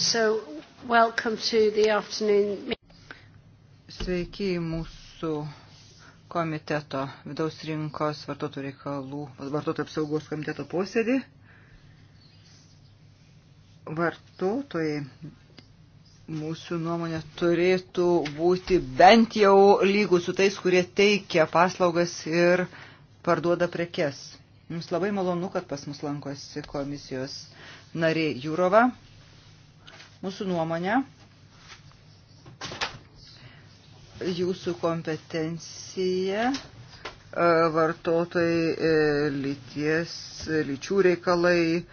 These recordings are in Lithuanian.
So, welcome to the afternoon. Sveiki mūsų komiteto vidaus rinkos vartotojų reikalų, vartotojų apsaugos komiteto posėdį. Vartotojai mūsų nuomonė turėtų būti bent jau lygus su tais, kurie teikia paslaugas ir parduoda prekes. Mums labai malonu, kad pas mus lankosi komisijos narė Jūrova. Mūsų nuomonė, jūsų kompetencija, e, vartotojai, e, lyties, e, lyčių reikalai,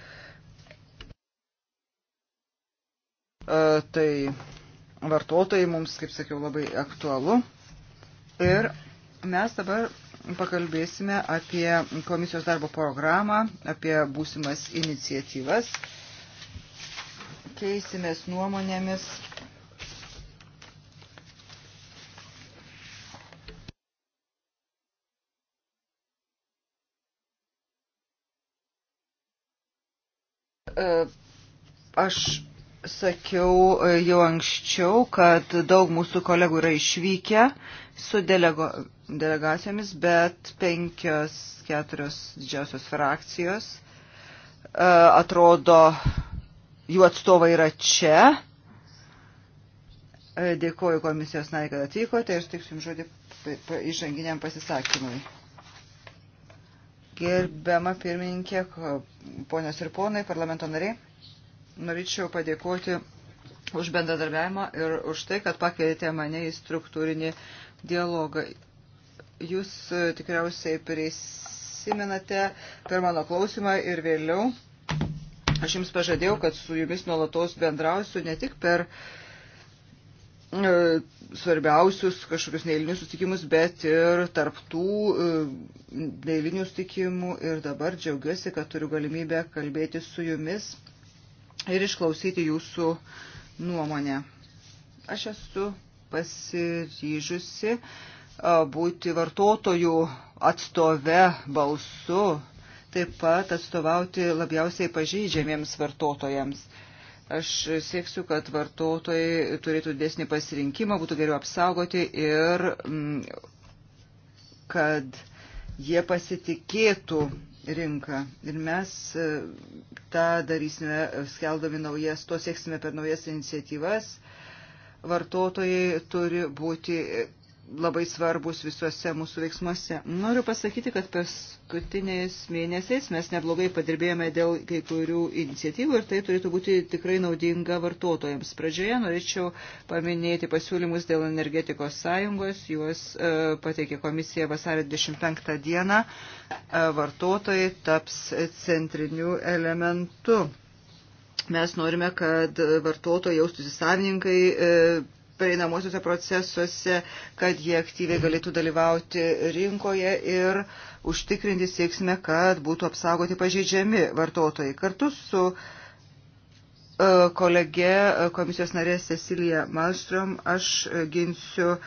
tai vartotojai mums, kaip sakiau, labai aktualu. Ir mes dabar pakalbėsime apie komisijos darbo programą, apie būsimas iniciatyvas keisimės nuomonėmis. E, aš sakiau jau anksčiau, kad daug mūsų kolegų yra išvykę su delego, delegacijomis, bet penkios, keturios didžiausios frakcijos e, atrodo jų atstovai yra čia. E, Dėkuoju komisijos nariai, kad atvykote ir sutiksiu jums žodį įžanginiam pasisakymui. Gerbiama pirmininkė, ponios ir ponai, parlamento nariai, norėčiau padėkoti už bendradarbiavimą ir už tai, kad pakvietėte mane į struktūrinį dialogą. Jūs e, tikriausiai prisimenate per mano klausimą ir vėliau Aš jums pažadėjau, kad su jumis nuolatos bendrausiu ne tik per e, svarbiausius kažkokius neįlinius sutikimus, bet ir tarptų e, neįlinių sutikimų. Ir dabar džiaugiuosi, kad turiu galimybę kalbėti su jumis ir išklausyti jūsų nuomonę. Aš esu pasiryžusi e, būti vartotojų atstove balsu taip pat atstovauti labiausiai pažeidžiamiems vartotojams. Aš sieksiu, kad vartotojai turėtų dėsnį pasirinkimą, būtų geriau apsaugoti ir mm, kad jie pasitikėtų rinką. Ir mes e, tą darysime, skeldami naujas, to sieksime per naujas iniciatyvas. Vartotojai turi būti labai svarbus visuose mūsų veiksmuose. Noriu pasakyti, kad paskutiniais mėnesiais mes neblogai padirbėjome dėl kai kurių iniciatyvų ir tai turėtų būti tikrai naudinga vartotojams. Pradžioje norėčiau paminėti pasiūlymus dėl energetikos sąjungos. Juos e, pateikė komisija vasario 25 dieną. E, vartotojai taps centriniu elementu. Mes norime, kad vartotojai jaustųsi savininkai. E, pereinamosiuose procesuose, kad jie aktyviai galėtų dalyvauti rinkoje ir užtikrinti sieksime, kad būtų apsaugoti pažeidžiami vartotojai. Kartu su e, kolege e, komisijos narė Cecilija Malmström aš ginsiu e,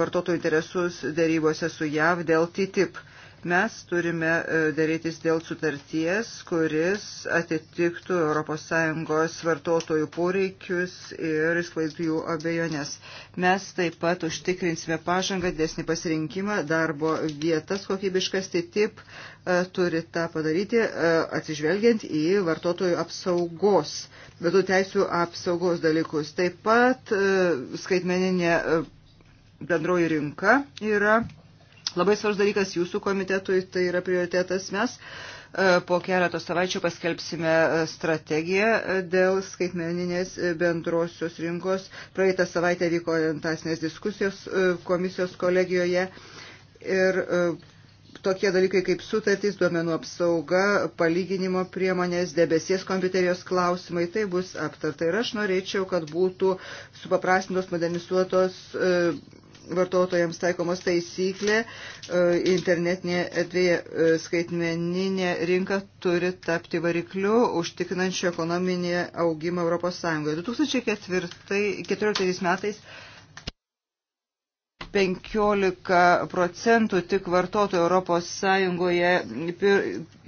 vartotojų interesus dėrybose su JAV dėl TTIP. Mes turime e, darytis dėl sutarties, kuris atitiktų ES vartotojų poreikius ir išklaidų jų abejonės. Mes taip pat užtikrinsime pažangą, desnį pasirinkimą, darbo vietas kokybiškas, tai taip e, turi tą padaryti, e, atsižvelgiant į vartotojų apsaugos, vietų teisų apsaugos dalykus. Taip pat skaitmeninė bendroji rinka yra Labai svarbus dalykas jūsų komitetui, tai yra prioritetas. Mes e, po keletą savaičių paskelbsime e, strategiją e, dėl skaitmeninės bendrosios rinkos. Praeitą savaitę vyko orientacinės diskusijos komisijos kolegijoje ir tokie dalykai kaip sutartys, duomenų apsauga, palyginimo priemonės, debesies kompiuterijos klausimai, tai bus aptarta. Ir aš norėčiau, kad būtų supaprastintos, modernizuotos vartotojams taikomos taisyklė e, internetinė erdvėje e, skaitmeninė rinka turi tapti varikliu užtikrinančiu ekonominį augimą ES. 2014 metais 15 procentų tik vartotojų ES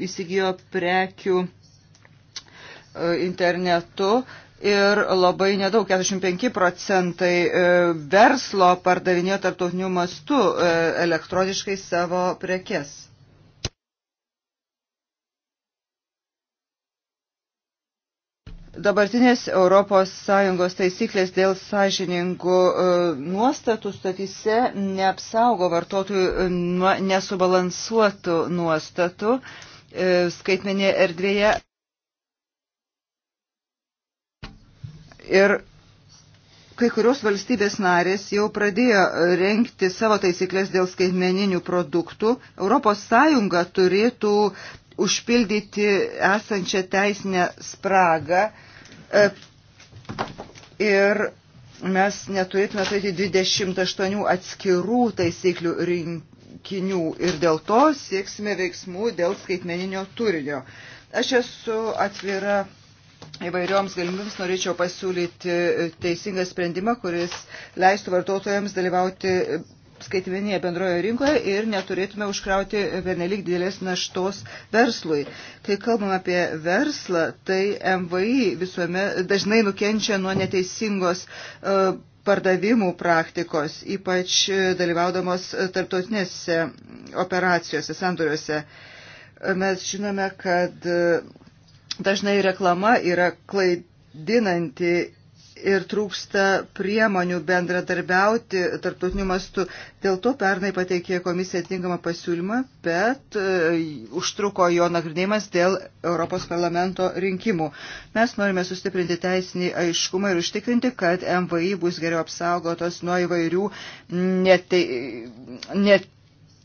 įsigijo prekių e, internetu ir labai nedaug, 45 procentai e, verslo pardavinėjo tarptautiniu mastu e, elektroniškai savo prekes. Dabartinės ES taisyklės dėl sąžiningų e, nuostatų statyse neapsaugo vartotojų nuo nesubalansuotų nuostatų skaitmenėje erdvėje. Ir kai kurios valstybės narės jau pradėjo renkti savo taisyklės dėl skaitmeninių produktų. ES turėtų užpildyti esančią teisinę spragą e, ir mes neturėtume turėti 28 atskirų taisyklių rinkinių ir dėl to sieksime veiksmų dėl skaitmeninio turinio. Aš esu atvira įvairioms galimybėms norėčiau pasiūlyti teisingą sprendimą, kuris leistų vartotojams dalyvauti skaitmeninėje bendroje rinkoje ir neturėtume užkrauti vienelik didelės naštos verslui. Kai kalbam apie verslą, tai MVI visuomet dažnai nukenčia nuo neteisingos uh, pardavimų praktikos, ypač e, dalyvaudamos tarptautinėse operacijose, sandoriuose. Mes žinome, kad uh, Dažnai reklama yra klaidinanti ir trūksta priemonių bendradarbiauti tarptautiniu mastu. Dėl to pernai pateikė komisija atinkamą pasiūlymą, bet e, užtruko jo nagrinėjimas dėl Europos parlamento rinkimų. Mes norime sustiprinti teisinį aiškumą ir užtikrinti, kad MVI bus geriau apsaugotos nuo įvairių netei, net,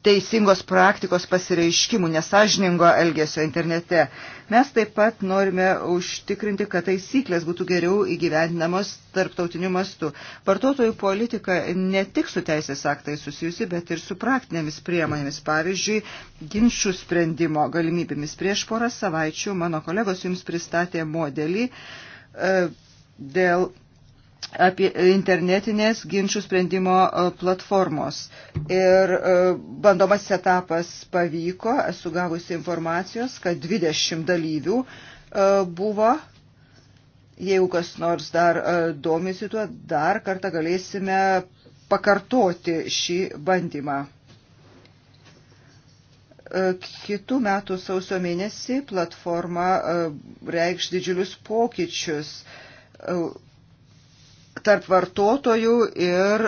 teisingos praktikos pasireiškimų, nesažiningo elgesio internete. Mes taip pat norime užtikrinti, kad taisyklės būtų geriau įgyvendinamos tarptautiniu mastu. Vartotojų politika ne tik su teisės aktais susijusi, bet ir su praktinėmis priemonėmis, pavyzdžiui, ginčių sprendimo galimybėmis. Prieš porą savaičių mano kolegos jums pristatė modelį e, dėl apie internetinės ginčių sprendimo e, platformos. Ir e, bandomasis etapas pavyko, esu gavusi informacijos, kad 20 dalyvių e, buvo. Jeigu kas nors dar domisi tuo, dar kartą galėsime pakartoti šį bandymą. Kitų metų sausio mėnesį platforma reikš didžiulius pokyčius tarp vartotojų ir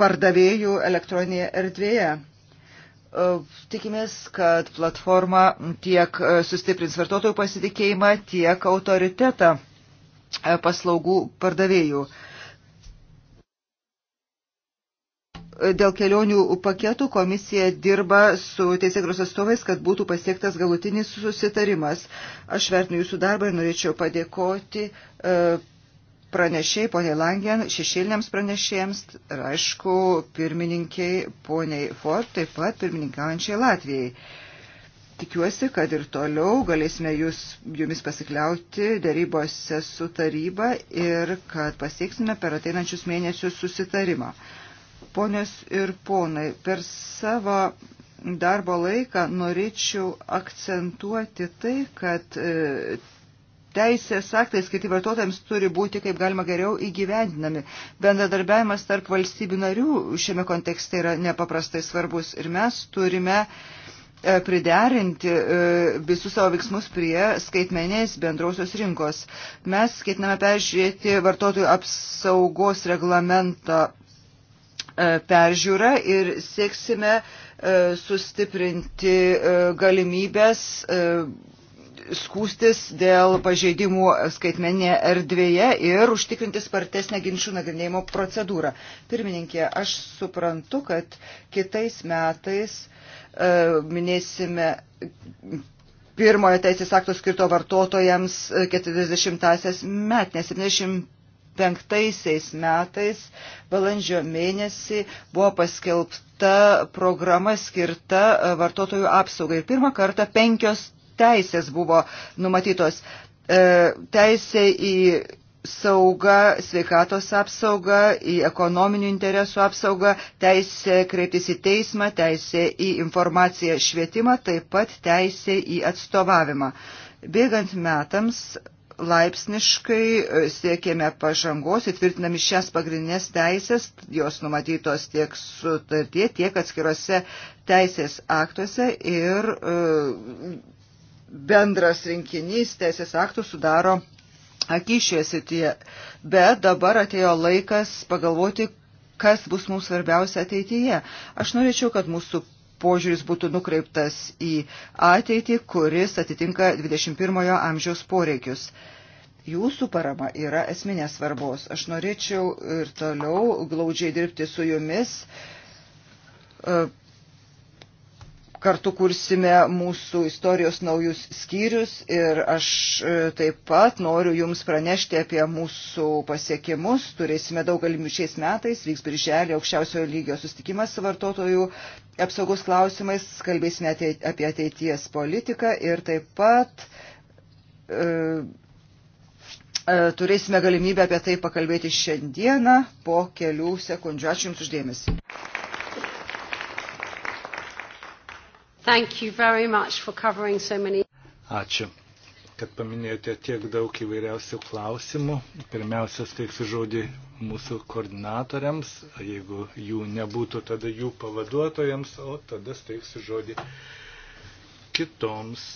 pardavėjų elektroninėje erdvėje. E, tikimės, kad platforma tiek e, sustiprins vartotojų pasitikėjimą, tiek autoritetą e, paslaugų pardavėjų. Dėl kelionių paketų komisija dirba su teisėgros atstovais, kad būtų pasiektas galutinis susitarimas. Aš vertinu jūsų darbą ir norėčiau padėkoti pranešėjai, poniai Langien, šešėliniams pranešėjams ir aišku pirmininkiai, poniai Ford, taip pat pirmininkaujančiai Latvijai. Tikiuosi, kad ir toliau galėsime jūs, jumis pasikliauti darybose su taryba ir kad pasieksime per ateinančius mėnesius susitarimą. Ponios ir ponai, per savo darbo laiką norėčiau akcentuoti tai, kad e, teisės aktai skirti vartotojams turi būti kaip galima geriau įgyvendinami. Bendradarbiavimas tarp valstybių narių šiame kontekste yra nepaprastai svarbus ir mes turime e, priderinti e, visus savo veiksmus prie skaitmenės bendrausios rinkos. Mes skaitiname peržiūrėti vartotojų apsaugos reglamento e, peržiūrą ir sieksime sustiprinti galimybės skūstis dėl pažeidimų skaitmenėje erdvėje ir užtikrinti spartesnę ginčių nagrinėjimo procedūrą. Pirmininkė, aš suprantu, kad kitais metais e, minėsime pirmojo teisės akto skirto vartotojams 40-asias metnės 75 metais balandžio mėnesį buvo paskelbta programa skirta e, vartotojų apsaugai. Ir pirmą kartą penkios teisės buvo numatytos. E, teisė į sauga, sveikatos apsauga, į ekonominių interesų apsaugą, teisė kreiptis į teismą, teisė į informaciją švietimą, taip pat teisė į atstovavimą. Bėgant metams laipsniškai e, siekėme pažangos, įtvirtinami šias pagrindinės teisės, jos numatytos tiek sutartie, tiek atskiruose teisės aktuose ir e, bendras rinkinys teisės aktų sudaro akišioje srityje. Bet dabar atėjo laikas pagalvoti, kas bus mums svarbiausia ateityje. Aš norėčiau, kad mūsų požiūris būtų nukreiptas į ateitį, kuris atitinka 21-ojo amžiaus poreikius. Jūsų parama yra esminės svarbos. Aš norėčiau ir toliau glaudžiai dirbti su jumis e, kartu kursime mūsų istorijos naujus skyrius ir aš e, taip pat noriu Jums pranešti apie mūsų pasiekimus. Turėsime daug galimybių šiais metais, vyks birželį aukščiausiojo lygio sustikimas su vartotojų apsaugos klausimais, kalbėsime apie ateities politiką ir taip pat e, e, turėsime galimybę apie tai pakalbėti šiandieną po kelių sekundžių. Ačiū Jums uždėmesi. So many... Ačiū, kad paminėjote tiek daug įvairiausių klausimų. Pirmiausia, steiksiu žodį mūsų koordinatoriams, jeigu jų nebūtų, tada jų pavaduotojams, o tada steiksiu žodį kitoms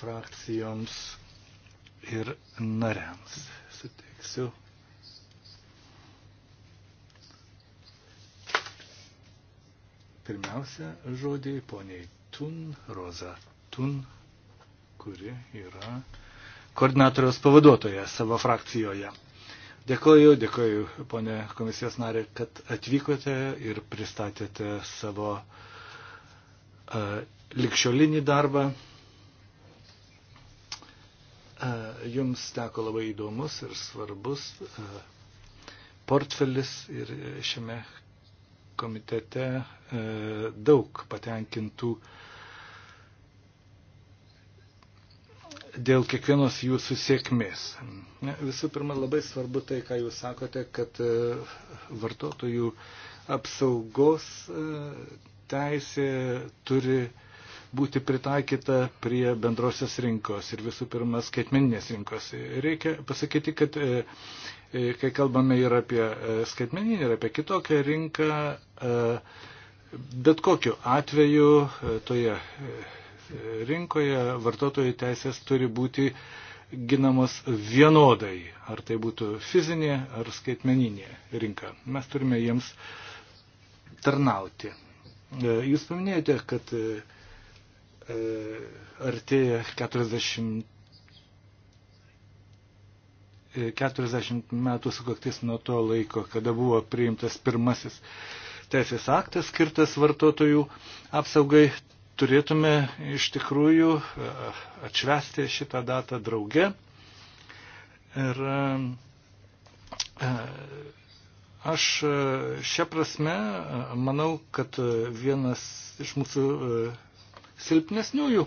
frakcijoms ir nariams. Suteiksiu Pirmiausia, žodį poniai Tun, Roza Tun, kuri yra koordinatoriaus pavaduotoja savo frakcijoje. Dėkoju, dėkoju, ponė komisijos narė, kad atvykote ir pristatėte savo uh, likščiolinį darbą. Uh, jums teko labai įdomus ir svarbus uh, portfelis ir šiame komitete e, daug patenkintų dėl kiekvienos jūsų sėkmės. Visų pirma, labai svarbu tai, ką jūs sakote, kad e, vartotojų apsaugos e, teisė turi būti pritaikyta prie bendrosios rinkos ir visų pirma skaitmeninės rinkos. Reikia pasakyti, kad e, e, kai kalbame ir apie e, skaitmeninį, ir apie kitokią rinką, bet kokiu atveju toje rinkoje vartotojų teisės turi būti ginamos vienodai, ar tai būtų fizinė ar skaitmeninė rinka. Mes turime jiems tarnauti. Jūs paminėjote, kad E, artėja 40, 40 e, metų sukaktis nuo to laiko, kada buvo priimtas pirmasis teisės aktas skirtas vartotojų apsaugai. Turėtume iš tikrųjų e, atšvesti šitą datą drauge. Ir aš šią prasme manau, kad vienas iš mūsų silpnesniųjų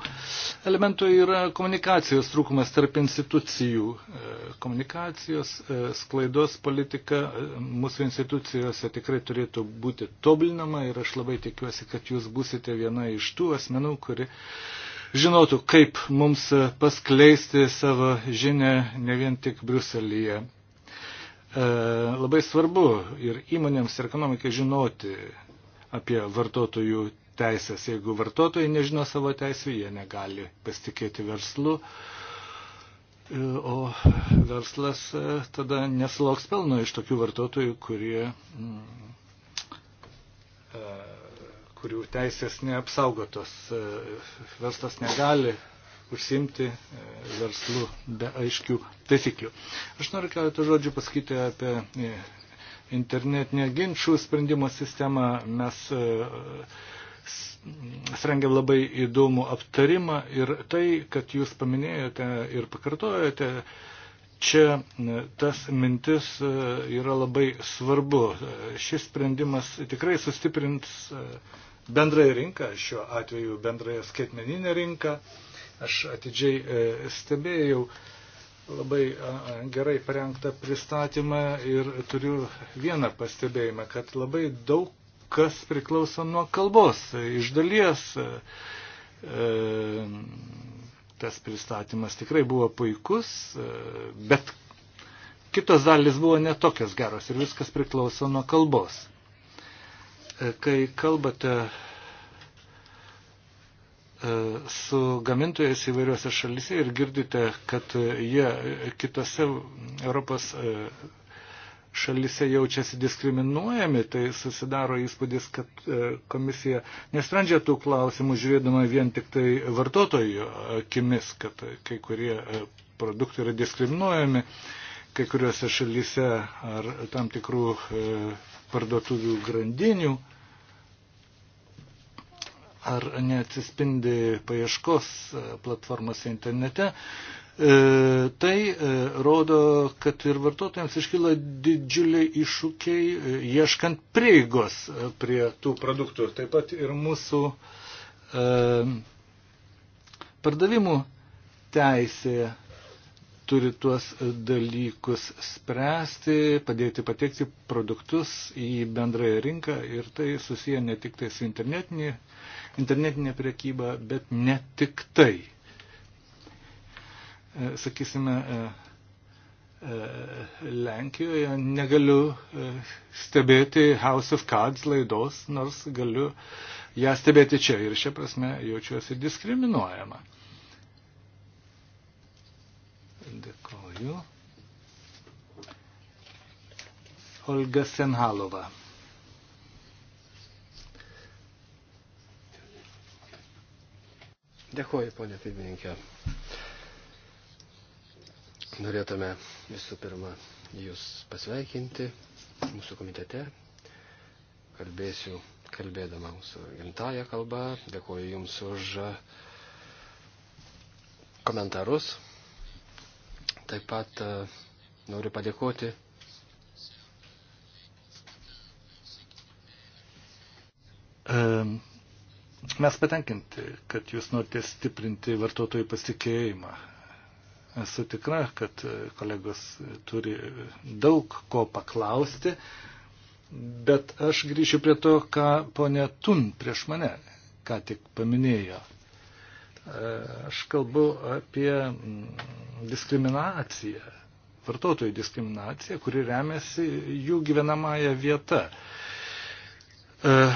elementų yra komunikacijos trūkumas tarp institucijų. E, komunikacijos e, sklaidos politika e, mūsų institucijose tikrai turėtų būti tobulinama ir aš labai tikiuosi, kad jūs busite viena iš tų asmenų, kuri žinotų, kaip mums paskleisti savo žinę ne vien tik Bruselėje. Labai svarbu ir įmonėms ir ekonomikai žinoti apie vartotojų teisės. Jeigu vartotojai nežino savo teisų, jie negali pasitikėti verslu, o verslas e, tada nesulauks pelno iš tokių vartotojų, kurie, mm, e, kurių teisės neapsaugotos. E, verslas negali užsimti verslu be aiškių taisyklių. Aš noriu keletą žodžių pasakyti apie internetinę ginčių sprendimo sistemą. Mes surengėm labai įdomų aptarimą ir tai, kad jūs paminėjote ir pakartojote, čia e, tas mintis e, yra labai svarbu. Šis sprendimas tikrai sustiprins e, bendrąją rinką, šiuo atveju bendrąją skaitmeninę rinką. Aš atidžiai stebėjau labai gerai parengtą pristatymą ir turiu vieną pastebėjimą, kad labai daug kas priklauso nuo kalbos. Iš dalies e, tas pristatymas tikrai buvo puikus, e, bet kitos dalis buvo netokios geros ir viskas priklauso nuo kalbos. E, kai kalbate e, su gamintojais įvairiuose šalise ir girdite, kad jie kitose Europos e, šalise jaučiasi diskriminuojami, tai susidaro įspūdis, kad e, komisija nesprendžia tų klausimų žiūrėdama vien tik tai vartotojų akimis, kad kai kurie e, produktai yra diskriminuojami kai kuriuose šalyse ar tam tikrų e, parduotuvių grandinių. Ar neatsispindi paieškos platformose internete. E, E, tai e, rodo, kad ir vartotojams iškyla didžiuliai iššūkiai e, ieškant prieigos prie tų produktų. Taip pat ir mūsų pardavimų teisė turi tuos dalykus spręsti, padėti patekti produktus į bendrąją rinką ir tai susiję ne tik tai su internetinė, internetinė priekyba, bet ne tik tai. E, sakysime, e, e, Lenkijoje negaliu stebėti House of Cards laidos, nors galiu ją stebėti čia ir šia prasme jaučiuosi diskriminuojama. Dėkoju. Olga Senhalova. Dėkoju, ponė pirmininkė norėtume visų pirma Jūs pasveikinti mūsų komitete. Kalbėsiu kalbėdama mūsų gimtają kalbą. Dėkuoju Jums už komentarus. Taip pat e, noriu padėkoti e, Mes patenkinti, kad jūs norite stiprinti vartotojų pasitikėjimą Esu tikra, kad kolegos turi daug ko paklausti, bet aš grįšiu prie to, ką ponė Tun prieš mane ką tik paminėjo. Aš kalbu apie diskriminaciją, vartotojų diskriminaciją, kuri remiasi jų gyvenamąją vietą.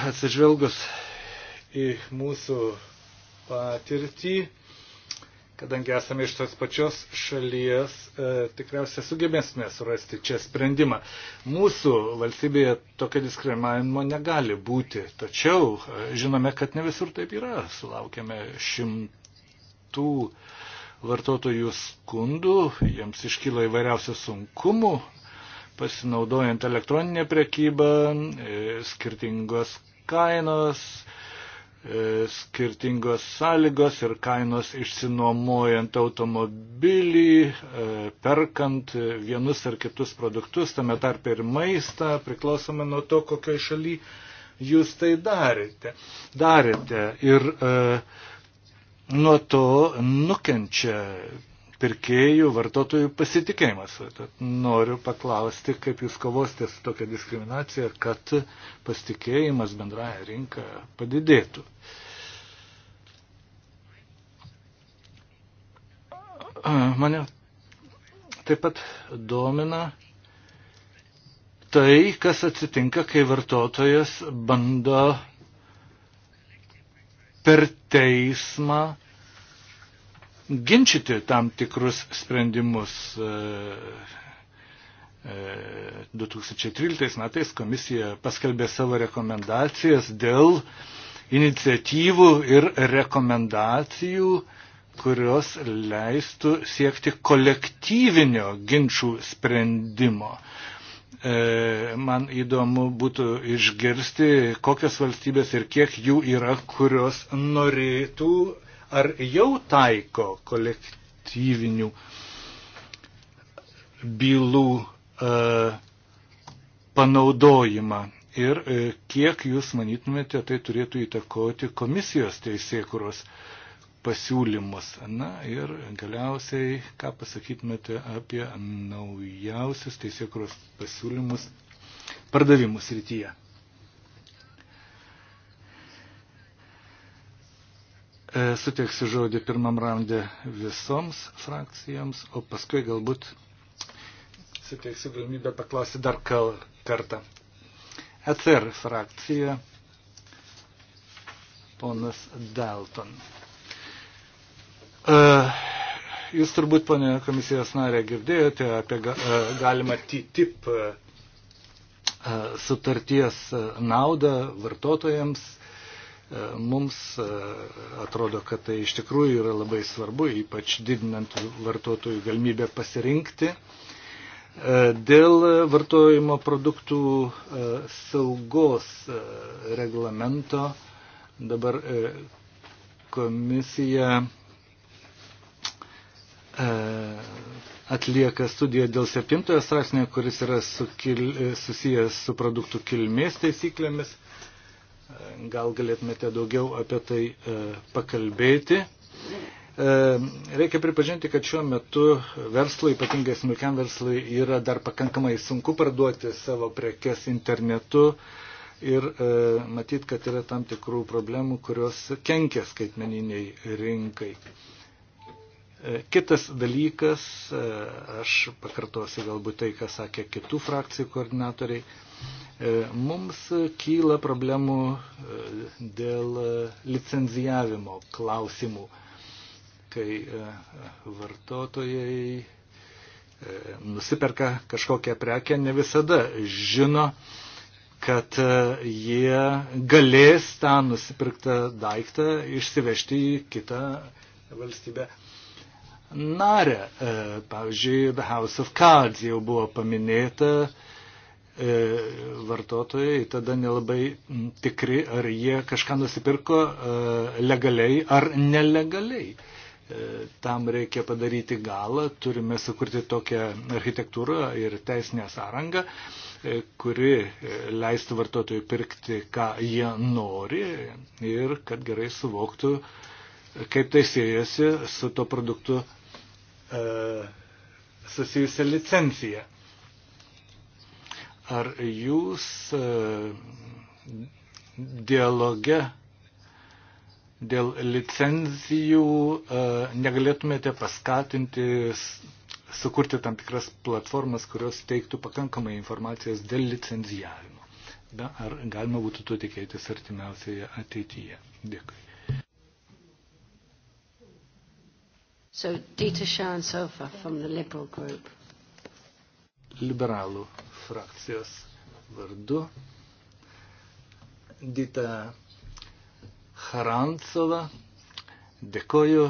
Atsižvelgus į mūsų patirtį, kadangi esame iš tos pačios šalies, e, tikriausiai sugebėsime surasti čia sprendimą. Mūsų valstybėje tokio diskriminavimo negali būti, tačiau e, žinome, kad ne visur taip yra. Sulaukėme šimtų vartotojų skundų, jiems iškyla įvairiausių sunkumų, pasinaudojant elektroninę prekybą, e, skirtingos kainos, e, E, skirtingos sąlygos ir kainos išsinuomojant automobilį, e, perkant vienus ar kitus produktus, tame tarp ir maistą, priklausomai nuo to, kokioje šalyje jūs tai darėte. darėte. Ir e, nuo to nukenčia pirkėjų, vartotojų pasitikėjimas. Tad noriu paklausti, kaip jūs kovosite su tokia diskriminacija, kad pasitikėjimas bendraja rinka padidėtų. Mane taip pat domina tai, kas atsitinka, kai vartotojas bando per teismą ginčyti tam tikrus sprendimus. 2013 e, e, metais komisija paskelbė savo rekomendacijas dėl iniciatyvų ir rekomendacijų, kurios leistų siekti kolektyvinio ginčių sprendimo. E, man įdomu būtų išgirsti, kokios valstybės ir kiek jų yra, kurios norėtų uh, ar jau taiko kolektyvinių bylų e, panaudojimą ir e, kiek jūs manytumėte tai turėtų įtakoti komisijos teisėkuros pasiūlymus. Na ir galiausiai, ką pasakytumėte apie naujausius teisėkuros pasiūlymus pardavimų srityje. E, suteiksiu žodį pirmam raundė visoms frakcijoms, o paskui galbūt suteiksiu galimybę paklausyti dar kartą. ECR frakcija, ponas Dalton. E, jūs turbūt, ponė komisijos narė, girdėjote apie e, galimą TTIP sutarties naudą vartotojams Mums e, atrodo, kad tai iš tikrųjų yra labai svarbu, ypač didinant vartotojų galimybę pasirinkti. E, dėl vartojimo produktų e, saugos reglamento dabar komisija atlieka studiją dėl septintojo straipsnio, kuris yra sukil, susijęs su produktų kilmės taisyklėmis. Gal galėtumėte daugiau apie tai e, pakalbėti. E, reikia pripažinti, kad šiuo metu verslui, ypatingai smulkiam verslui, yra dar pakankamai sunku parduoti savo prekes internetu ir e, matyt, kad yra tam tikrų problemų, kurios kenkia skaitmeniniai rinkai. Kitas dalykas, aš pakartosiu galbūt tai, ką sakė kitų frakcijų koordinatoriai, E, mums kyla problemų e, dėl e, licenzijavimo klausimų, kai vartotojai nusiperka kažkokią prekę, ne visada žino, kad jie galės tą nusipirktą daiktą išsivežti į kitą valstybę narę. Pavyzdžiui, The House of Cards jau buvo paminėta, E, vartotojai tada nelabai tikri, ar jie kažką nusipirko e, legaliai ar nelegaliai. E, tam reikia padaryti galą, turime sukurti tokią architektūrą ir teisinę sąrangą, kuri leistų vartotojui pirkti, ką jie nori ir kad gerai suvoktų, kaip tai siejasi su to produktu susijusia licencija. Ar jūs e, dialoge dėl licenzijų e, negalėtumėte paskatinti sukurti tam tikras platformas, kurios teiktų pakankamai informacijos dėl licenzijavimo. Be, ar galima būtų to tikėtis artimiausioje ateityje? Dėkui. So, Dita Sharon Sofa from the Liberal Group. Liberalų frakcijos vardu. Dita Harantsova, dėkoju,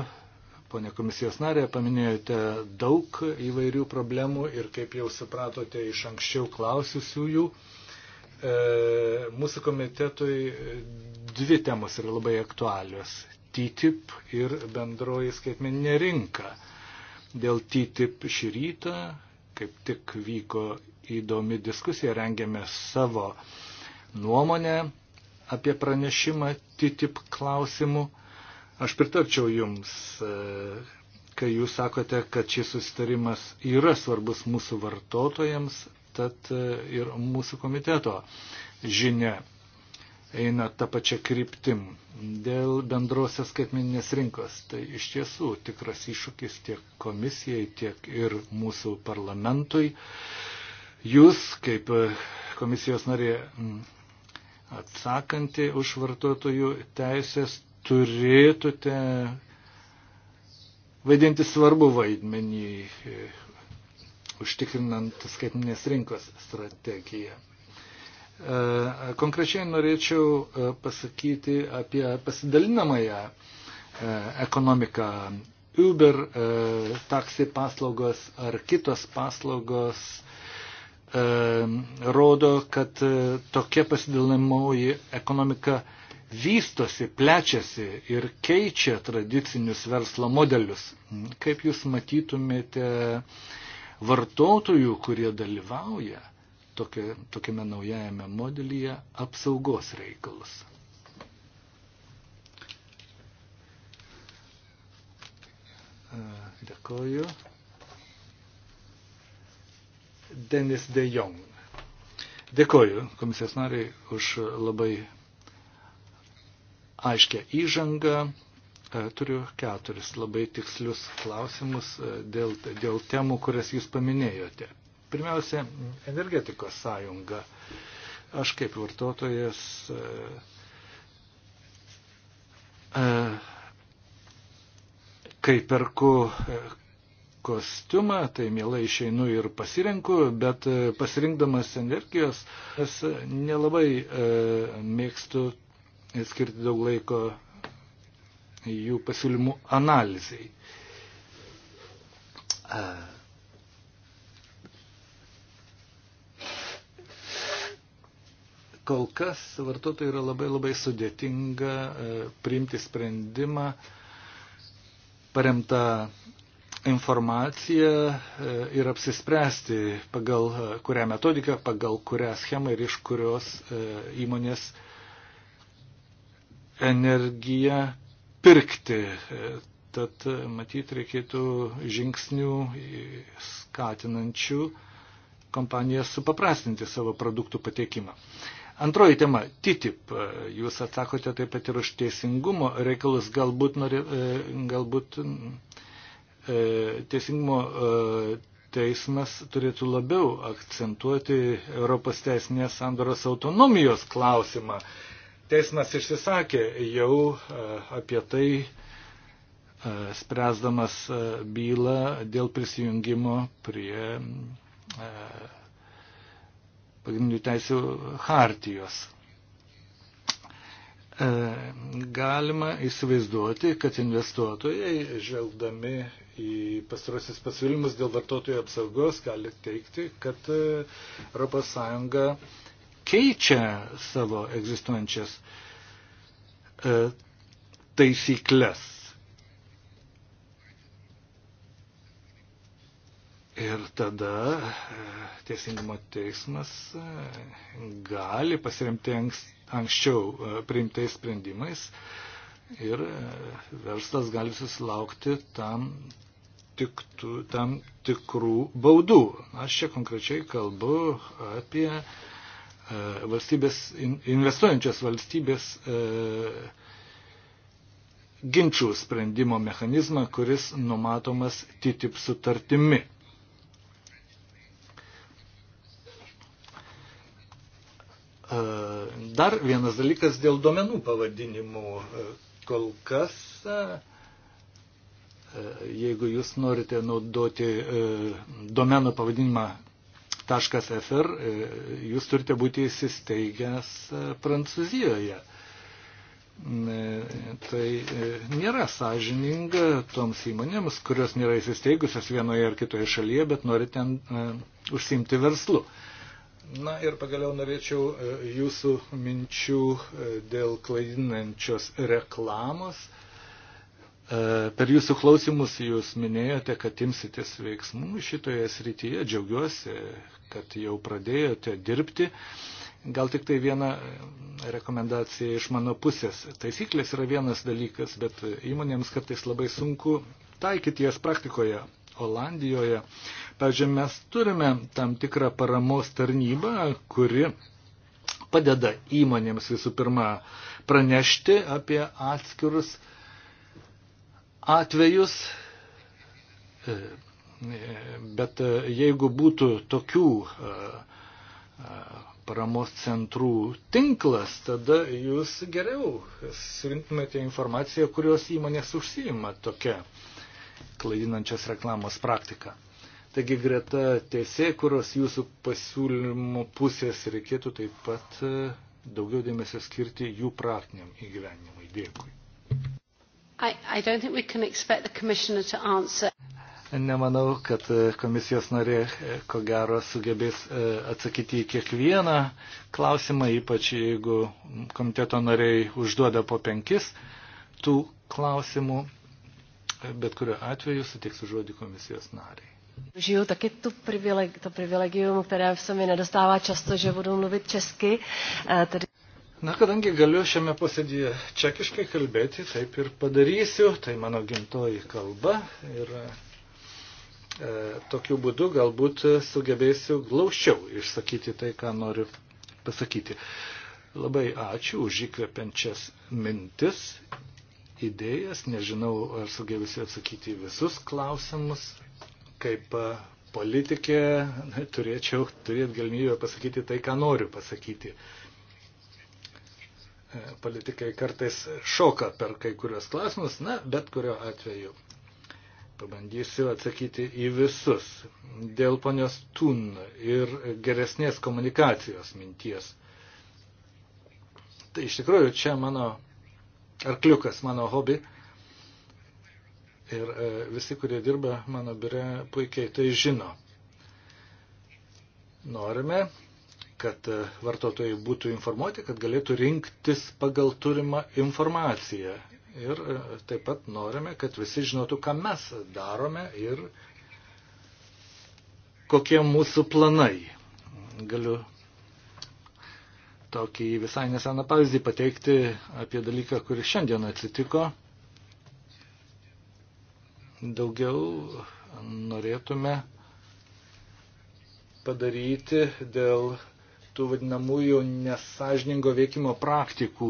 ponė komisijos narė, paminėjote daug įvairių problemų ir kaip jau supratote iš anksčiau klausiusių jų, e, mūsų komitetui dvi temos yra labai aktualios - TTIP ir bendroji skaitmeninė rinka. Dėl TTIP šį rytą kaip tik vyko įdomi diskusija, rengėme savo nuomonę apie pranešimą TTIP klausimų. Aš pritarčiau Jums, e, kai Jūs sakote, kad šis susitarimas yra svarbus mūsų vartotojams, tad e, ir mūsų komiteto žinia eina tą pačią kryptim. Dėl bendrosios skaitmeninės rinkos tai iš tiesų tikras iššūkis tiek komisijai, tiek ir mūsų parlamentui. Jūs, kaip komisijos narė atsakanti už vartotojų teisės, turėtumėte vaidinti svarbu vaidmenį e, užtikrinant skaitminės rinkos strategiją. E, konkrečiai norėčiau e, pasakyti apie pasidalinamąją e, ekonomiką. Uber taksi paslaugos ar kitos paslaugos rodo, kad tokia pasidalinamoji ekonomika vystosi, plečiasi ir keičia tradicinius verslo modelius. Kaip jūs matytumėte vartotojų, kurie dalyvauja tokia, tokiame naujajame modelyje apsaugos reikalus. Dėkoju. Denis De Jong. Dėkoju komisijos nariai už labai aiškę įžangą. Turiu keturis labai tikslius klausimus dėl, dėl temų, kurias jūs paminėjote. Pirmiausia, energetikos sąjunga. Aš kaip vartotojas e, e, kai perku e, kostiumą, tai mielai išeinu ir pasirenku, bet pasirinkdamas energijos, aš nelabai mėgstu skirti daug laiko jų pasiūlymų analizai. Kol kas vartotojai yra labai labai sudėtinga e, priimti sprendimą paremtą informaciją e, ir apsispręsti, pagal e, kurią metodiką, pagal kurią schemą ir iš kurios įmonės energiją pirkti. Tad matyt reikėtų žingsnių skatinančių kompaniją supaprastinti savo produktų patekimą. Antroji tema - TTIP. Jūs atsakote taip pat ir už teisingumo reikalus. Galbūt, nori, e, galbūt e, teisingumo e, teismas turėtų labiau akcentuoti Europos teisinės sandoros autonomijos klausimą. Teismas išsisakė jau apie tai, spręsdamas bylą dėl prisijungimo prie pagrindinių teisių hartijos. E, galima įsivaizduoti, kad investuotojai, žvelgdami į pastarosius pasiūlymus dėl vartotojų apsaugos, gali teikti, kad ES keičia savo egzistuojančias e, taisyklės. Ir tada e, Teisingumo teismas e, gali pasiremti anksčiau e, priimtais sprendimais ir verslas gali susilaukti tam, tiktų, tam tikrų baudų. Aš čia konkrečiai kalbu apie valstybės, investuojančios valstybės ginčių sprendimo mechanizmą, kuris numatomas TTIP sutartimi. E, dar vienas dalykas dėl domenų pavadinimų. E, kol kas, e, jeigu jūs norite naudoti domenų pavadinimą .fr, jūs turite būti įsisteigęs Prancūzijoje. Tai nėra sąžininga toms įmonėms, kurios nėra įsisteigusios vienoje ar kitoje šalyje, bet nori ten užsimti verslu. Uh, Na ir pagaliau norėčiau e, jūsų minčių e, dėl klaidinančios reklamos. E, per jūsų klausimus jūs minėjote, kad imsitės veiksmų šitoje srityje. Džiaugiuosi, kad jau pradėjote dirbti. Gal tik tai viena rekomendacija iš mano pusės. Taisyklės yra vienas dalykas, bet įmonėms kartais labai sunku taikyti jas praktikoje. Olandijoje Pavyzdžiui, mes turime tam tikrą paramos tarnybą, kuri padeda įmonėms visų pirma pranešti apie atskirus atvejus, e, e, bet e, jeigu būtų tokių paramos centrų tinklas, tada jūs geriau surinktumėte informaciją, kurios įmonės užsijima tokia klaidinančios reklamos praktika. Taigi greta tiesėkuros jūsų pasiūlymo pusės reikėtų taip pat e, daugiau dėmesio skirti jų praktiniam įgyvenimui. Dėkui. I, I Nemanau, kad e, komisijos narė e, ko gero sugebės atsakyti į kiekvieną klausimą, ypač jeigu komiteto nariai užduoda po penkis tų klausimų. Bet kuriuo atveju sutiksiu žodį komisijos nariai. Žiju taky tu privileg, to privilegium, které se mi nedostává často, že budu mluvit česky. Eh, tedy... Na, kadangi galiu šiame posėdėje čekiškai kalbėti, taip ir padarysiu, tai mano gimtoji kalba ir e, tokiu būdu galbūt sugebėsiu glaušiau išsakyti tai, ką noriu pasakyti. Labai ačiū už įkvepiančias mintis idėjas, nežinau, ar sugebėsiu atsakyti visus klausimus, kaip e, politikė turėčiau turėti galimybę pasakyti tai, ką noriu pasakyti. E, politikai kartais šoka per kai kurios klausimus, na, bet kurio atveju. Pabandysiu atsakyti į visus. Dėl ponios Tun ir geresnės komunikacijos minties. Tai iš tikrųjų čia mano arkliukas, mano hobi. E, ir e, visi, kurie dirba mano biure, puikiai tai žino. Norime, kad e, vartotojai būtų informuoti, kad galėtų rinktis pagal turimą informaciją. Ir e, taip pat norime, kad visi žinotų, ką mes darome ir kokie mūsų planai. Galiu tokį visai neseną pavyzdį pateikti apie dalyką, kuris šiandien atsitiko. Daugiau norėtume padaryti dėl tų vadinamųjų nesažningo veikimo praktikų.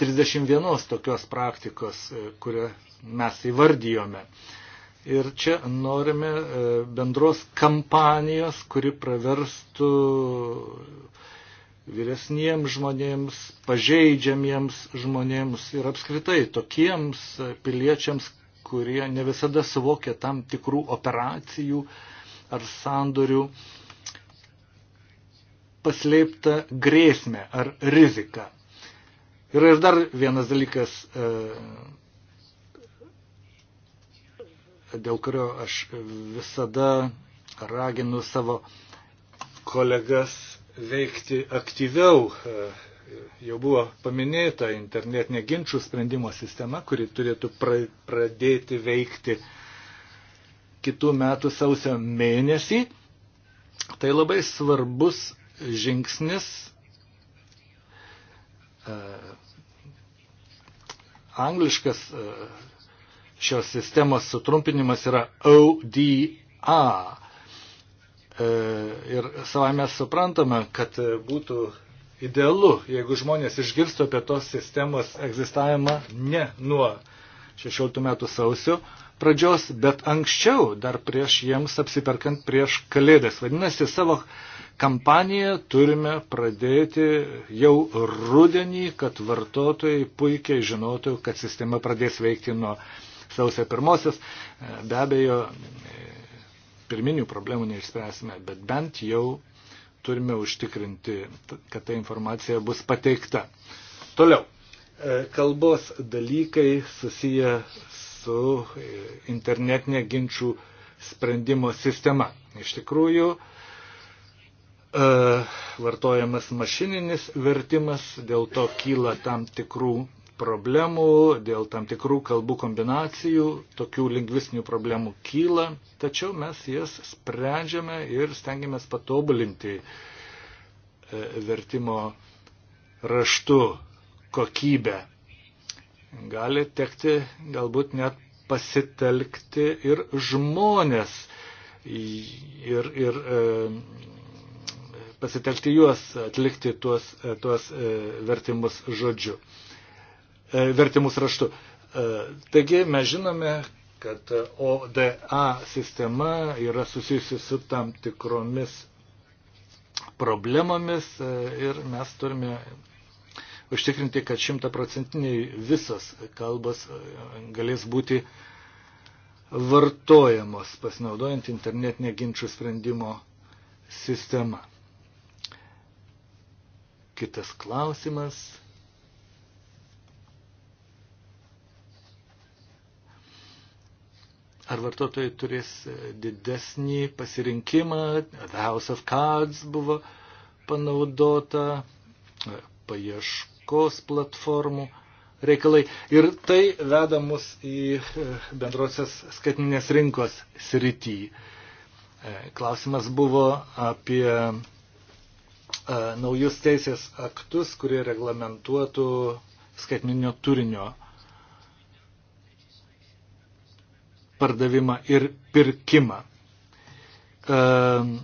31 tokios praktikos, e, kurią mes įvardyjome. Ir čia norime e, bendros kampanijos, kuri praverstų vyresniems žmonėms, pažeidžiamiems žmonėms ir apskritai tokiems piliečiams kurie ne visada suvokia tam tikrų operacijų ar sandorių paslėptą grėsmę ar riziką. Yra ir dar vienas dalykas, e, dėl kurio aš visada raginu savo kolegas veikti aktyviau e, Jau buvo paminėta internetinė ginčių sprendimo sistema, kuri turėtų pra, pradėti veikti kitų metų sausio mėnesį. Tai labai svarbus žingsnis e, angliškas e, šios sistemos sutrumpinimas yra ODA. E, ir savame suprantame, kad būtų idealu, jeigu žmonės išgirstų apie tos sistemos egzistavimą ne nuo 16 metų sausio pradžios, bet anksčiau, dar prieš jiems apsiperkant prieš kalėdas. Vadinasi, savo kampaniją turime pradėti jau rudenį, kad vartotojai puikiai žinotų, kad sistema pradės veikti nuo sausio pirmosios. Be abejo, pirminių problemų neišspręsime, bet bent jau turime užtikrinti, kad ta informacija bus pateikta. Toliau, e, kalbos dalykai susiję su e, internetinė ginčių sprendimo sistema. Iš tikrųjų, e, vartojamas mašininis vertimas, dėl to kyla tam tikrų problemų, dėl tam tikrų kalbų kombinacijų, tokių lingvistinių problemų kyla, tačiau mes jas sprendžiame ir stengiamės patobulinti e, vertimo raštu kokybę. Gali tekti galbūt net pasitelkti ir žmonės ir, ir e, pasitelkti juos atlikti tuos, e, tuos e, vertimus žodžiu. E, E, vertimus raštu. E, taigi mes žinome, kad ODA sistema yra susijusi su tam tikromis problemomis e, ir mes turime užtikrinti, kad šimtaprocentiniai visas kalbas galės būti vartojamos pasinaudojant internetinę ginčių sprendimo sistemą. Kitas klausimas. ar vartotojai turės e, didesnį pasirinkimą, The House of Cards buvo panaudota, e, paieškos platformų reikalai. Ir tai veda mus į e, bendrosios skaitinės rinkos srity. Klausimas buvo apie naujus teisės aktus, kurie reglamentuotų skaitminio turinio pardavimą ir pirkimą. Ehm,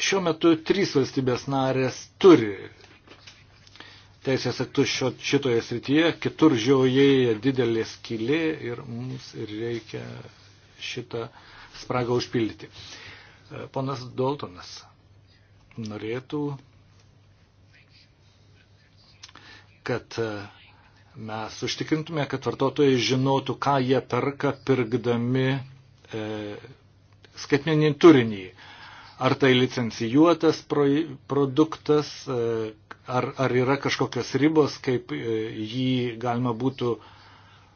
šiuo metu trys valstybės narės turi teisės aktus šitoje srityje, kitur žiaujėja didelė skylė ir mums reikia šitą spragą užpildyti. Ehm, ponas Daltonas norėtų, kad ehm, mes užtikrintume, kad vartotojai žinotų, ką jie perka pirkdami e, skaitmeninį turinį. Ar tai licencijuotas pro, produktas, e, ar, ar yra kažkokios ribos, kaip e, jį galima būtų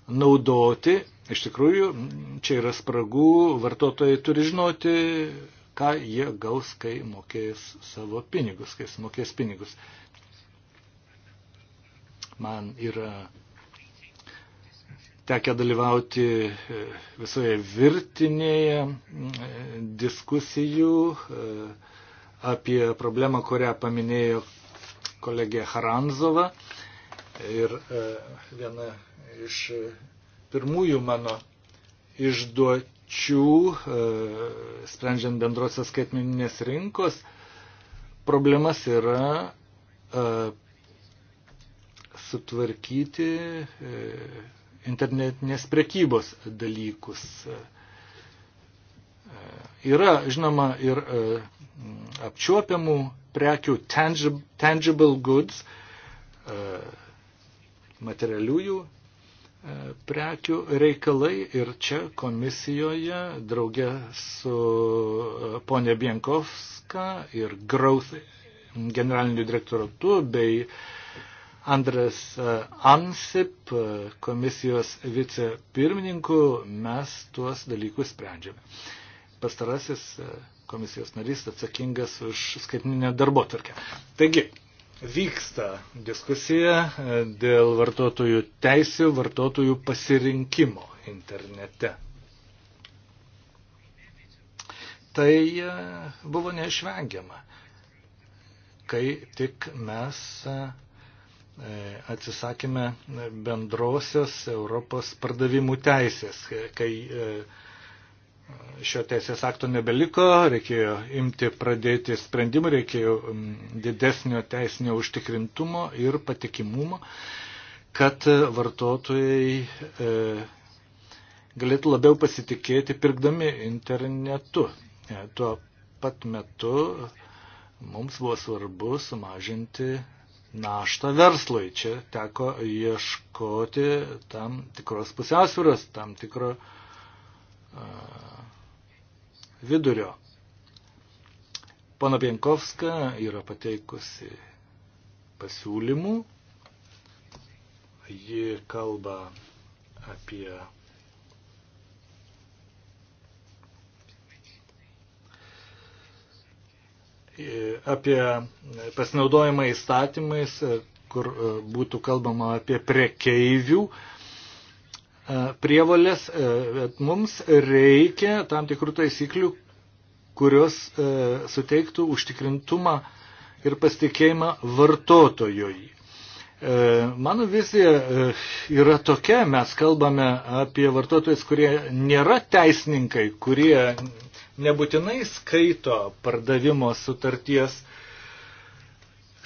naudoti. Iš tikrųjų, čia yra spragų, vartotojai turi žinoti, ką jie gaus, kai mokės savo pinigus, kai sumokės pinigus. E, Man yra tekę dalyvauti e, visoje virtinėje e, diskusijų e, apie problemą, kurią paminėjo kolegė Haranzova. Ir viena iš pirmųjų mano išduočių, sprendžiant bendrosios skaitmininės rinkos, problemas yra sutvarkyti e, internetinės prekybos dalykus. E, yra, žinoma, ir e, apčiuopiamų prekių tangible goods, materialiųjų prekių reikalai ir čia komisijoje draugė su ponė Bienkovska ir Growth generaliniu direktoratu bei uh, Andras e, Ansip, e, komisijos vicepirmininku, mes tuos dalykus sprendžiame. Pastarasis e, komisijos narys atsakingas už skaitminę darbo tarkę. Taigi, vyksta diskusija dėl vartotojų teisių, vartotojų pasirinkimo internete. Tai buvo neišvengiama, kai tik mes E, atsisakėme bendrosios Europos pardavimų teisės. Kai e, šio teisės akto nebeliko, reikėjo imti pradėti sprendimų, reikėjo didesnio teisinio užtikrintumo ir patikimumo, kad vartotojai e, galėtų labiau pasitikėti pirkdami internetu. Tuo pat metu mums buvo svarbu sumažinti naštą verslui. Čia teko ieškoti tam tikros pusiausvyros, tam tikro uh, vidurio. Pana Pienkovska yra pateikusi pasiūlymų. Ji kalba apie apie pasinaudojimą įstatymais, e, kur e, būtų kalbama apie prekeivių e, prievalės, bet mums reikia tam tikrų taisyklių, kurios suteiktų užtikrintumą ir pasitikėjimą vartotojui. Mano vizija yra tokia, mes kalbame apie vartotojus, kurie nėra teisininkai, kurie nebūtinai skaito pardavimo sutarties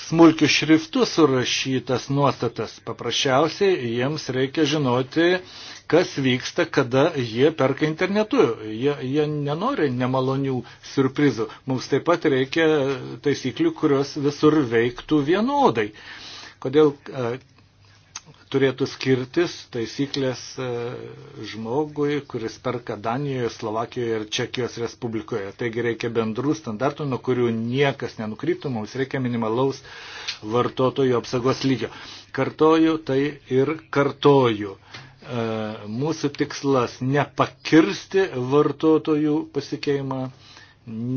smulkių šriftų surašytas nuostatas. Paprasčiausiai jiems reikia žinoti, kas vyksta, kada jie perka internetu. Jie, jie nenori nemalonių surprizų. Mums taip pat reikia taisyklių, kurios visur veiktų vienodai. Kodėl turėtų skirtis taisyklės e, žmogui, kuris perka Danijoje, Slovakijoje ir Čekijos Respublikoje. Taigi reikia bendrų standartų, nuo kurių niekas nenukryptų, mums reikia minimalaus vartotojų apsaugos lygio. Kartoju tai ir kartoju. E, mūsų tikslas nepakirsti vartotojų pasikeimą,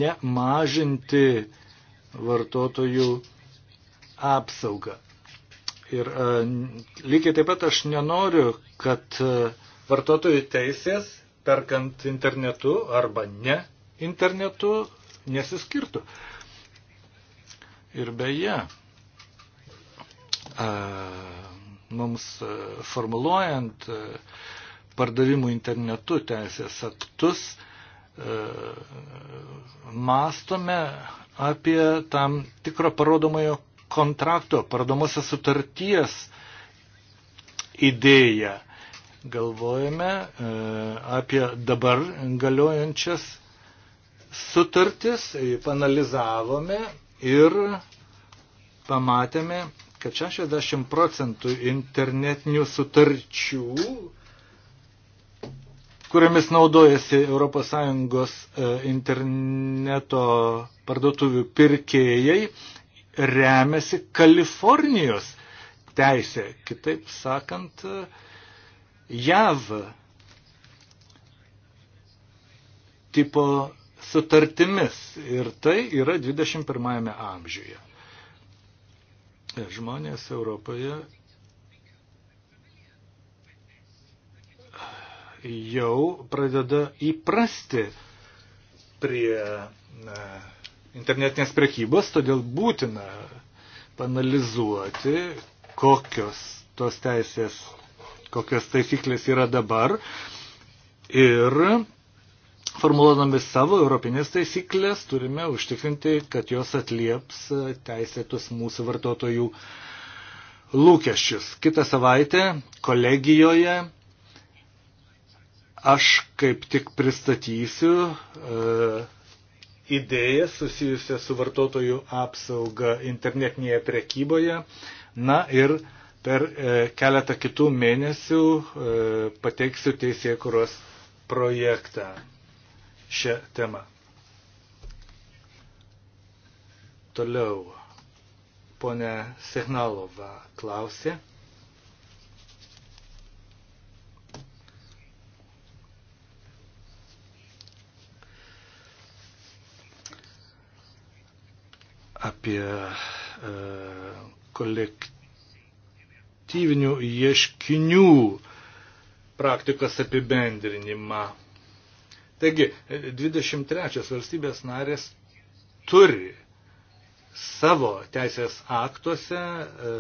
nemažinti vartotojų apsaugą. Ir e, lygiai taip pat aš nenoriu, kad e, vartotojų teisės, perkant internetu arba ne internetu, nesiskirtų. Ir beje, e, mums e, formuluojant e, pardavimų internetu teisės aktus, e, mastome apie tam tikro parodomojo kontrakto, pardomosios sutarties idėją. Galvojame e, apie dabar galiojančias sutartis, e, panalizavome ir pamatėme, kad 60 procentų internetinių sutarčių, kuriamis naudojasi ES e, interneto parduotuvių pirkėjai, remiasi Kalifornijos teisė. Kitaip sakant, JAV tipo sutartimis ir tai yra 21 amžiuje. Žmonės Europoje jau pradeda įprasti prie na, internetinės prekybos, todėl būtina panalizuoti, kokios tos teisės, kokios taisyklės yra dabar ir formuluodami savo europinės taisyklės turime užtikrinti, kad jos atlieps teisėtus mūsų vartotojų lūkesčius. Kitą savaitę kolegijoje aš kaip tik pristatysiu e, idėjas susijusias su vartotojų apsauga internetinėje prekyboje. Na ir per e, keletą kitų mėnesių e, pateiksiu teisėkuros projektą šią temą. Toliau. Pone Sehnalova klausė. apie e, kolektyvinių ieškinių praktikos apibendrinimą. Taigi, 23 valstybės narės turi savo teisės aktuose e,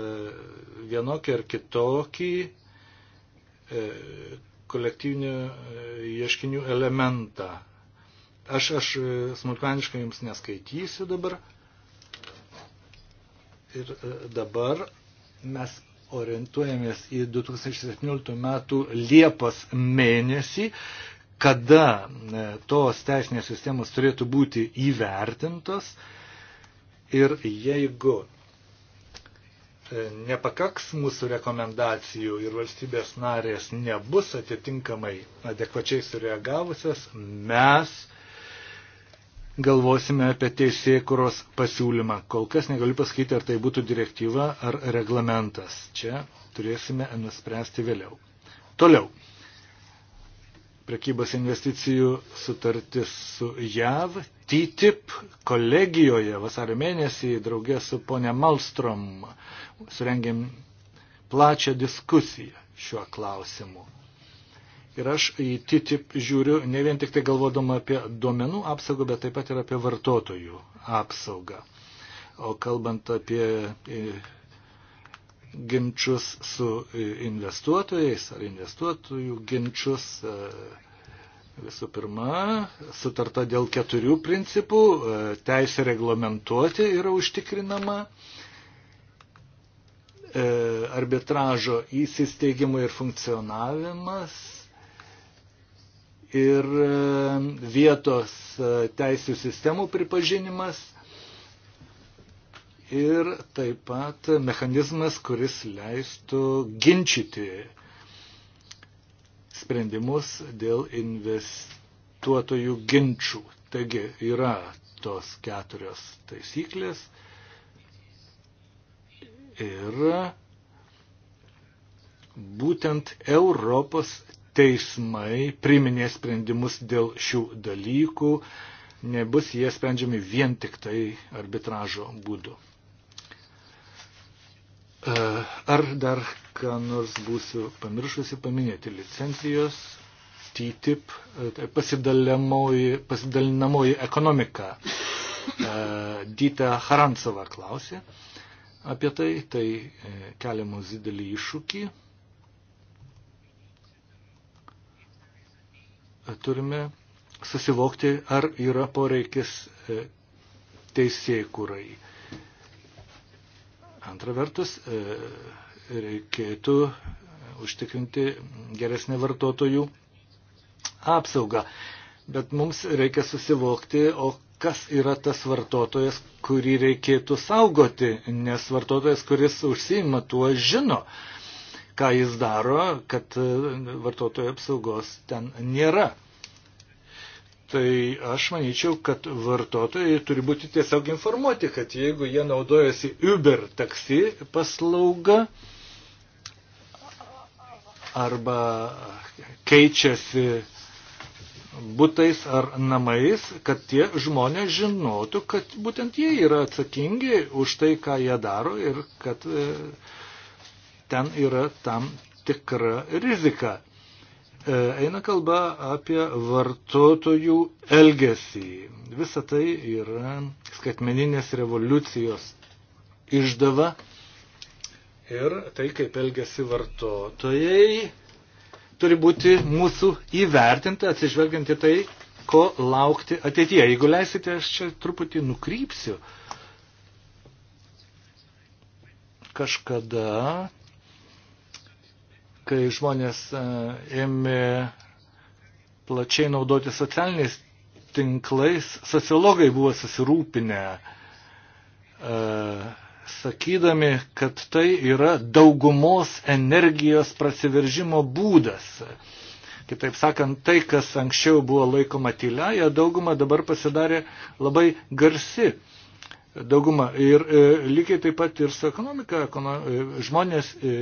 vienokį ar kitokį e, kolektyvinių ieškinių elementą. Aš, aš smulkmeniškai jums neskaitysiu dabar, Ir e, dabar mes orientuojamės į 2017 metų Liepos mėnesį, kada e, tos teisinės sistemos turėtų būti įvertintos ir jeigu e, nepakaks mūsų rekomendacijų ir valstybės narės nebus atitinkamai adekvačiai sureagavusios, mes galvosime apie teisėkuros pasiūlymą. Kol kas negaliu pasakyti, ar tai būtų direktyva ar reglamentas. Čia turėsime nuspręsti vėliau. Toliau. Prekybos investicijų sutartis su JAV. TTIP kolegijoje vasario mėnesį draugė su ponia Malstrom surengėm plačią diskusiją šiuo klausimu. Ir aš į TTIP žiūriu ne vien tik tai galvodama apie duomenų apsaugą, bet taip pat ir apie vartotojų apsaugą. O kalbant apie e, ginčius su e, investuotojais ar investuotojų ginčius, e, visų pirma, sutarta dėl keturių principų, teisė reglamentuoti yra užtikrinama arbitražo įsisteigimo ir funkcionavimas ir e, vietos e, teisų sistemų pripažinimas ir taip pat mechanizmas, kuris leistų ginčyti sprendimus dėl investuotojų ginčių. Taigi yra tos keturios taisyklės ir būtent Europos teismai priminė sprendimus dėl šių dalykų, nebus jie sprendžiami vien tik tai arbitražo būdu. E, ar dar ką nors būsiu pamiršusi paminėti licencijos, TTIP, tai pasidalinamoji ekonomika. E, Dita Harantsova klausė apie tai, tai kelia mums didelį iššūkį. turime susivokti, ar yra poreikis e, teisėkurai. Antra vertus, e, reikėtų e, užtikrinti geresnį vartotojų apsaugą. Bet mums reikia susivokti, o kas yra tas vartotojas, kurį reikėtų saugoti, nes vartotojas, kuris užsiima tuo, žino, ką jis daro, kad e, vartotojų apsaugos ten nėra. Tai aš manyčiau, kad vartotojai turi būti tiesiog informuoti, kad jeigu jie naudojasi Uber taksi paslauga arba keičiasi būtais ar namais, kad tie žmonės žinotų, kad būtent jie yra atsakingi už tai, ką jie daro ir kad e, ten yra tam tikra rizika. E, eina kalba apie vartotojų elgesį. Visa tai yra skaitmeninės revoliucijos išdava. Ir tai, kaip elgesi vartotojai, turi būti mūsų įvertinta, atsižvelgiant į tai, ko laukti ateityje. Jeigu leisite, aš čia truputį nukrypsiu. Kažkada kai žmonės e, ėmė plačiai naudoti socialiniais tinklais, sociologai buvo susirūpinę, e, sakydami, kad tai yra daugumos energijos prasiveržimo būdas. Kitaip sakant, tai, kas anksčiau buvo laikoma tyliaja, dauguma dabar pasidarė labai garsi dauguma. Ir e, lygiai taip pat ir su ekonomika, ekono, e, žmonės e,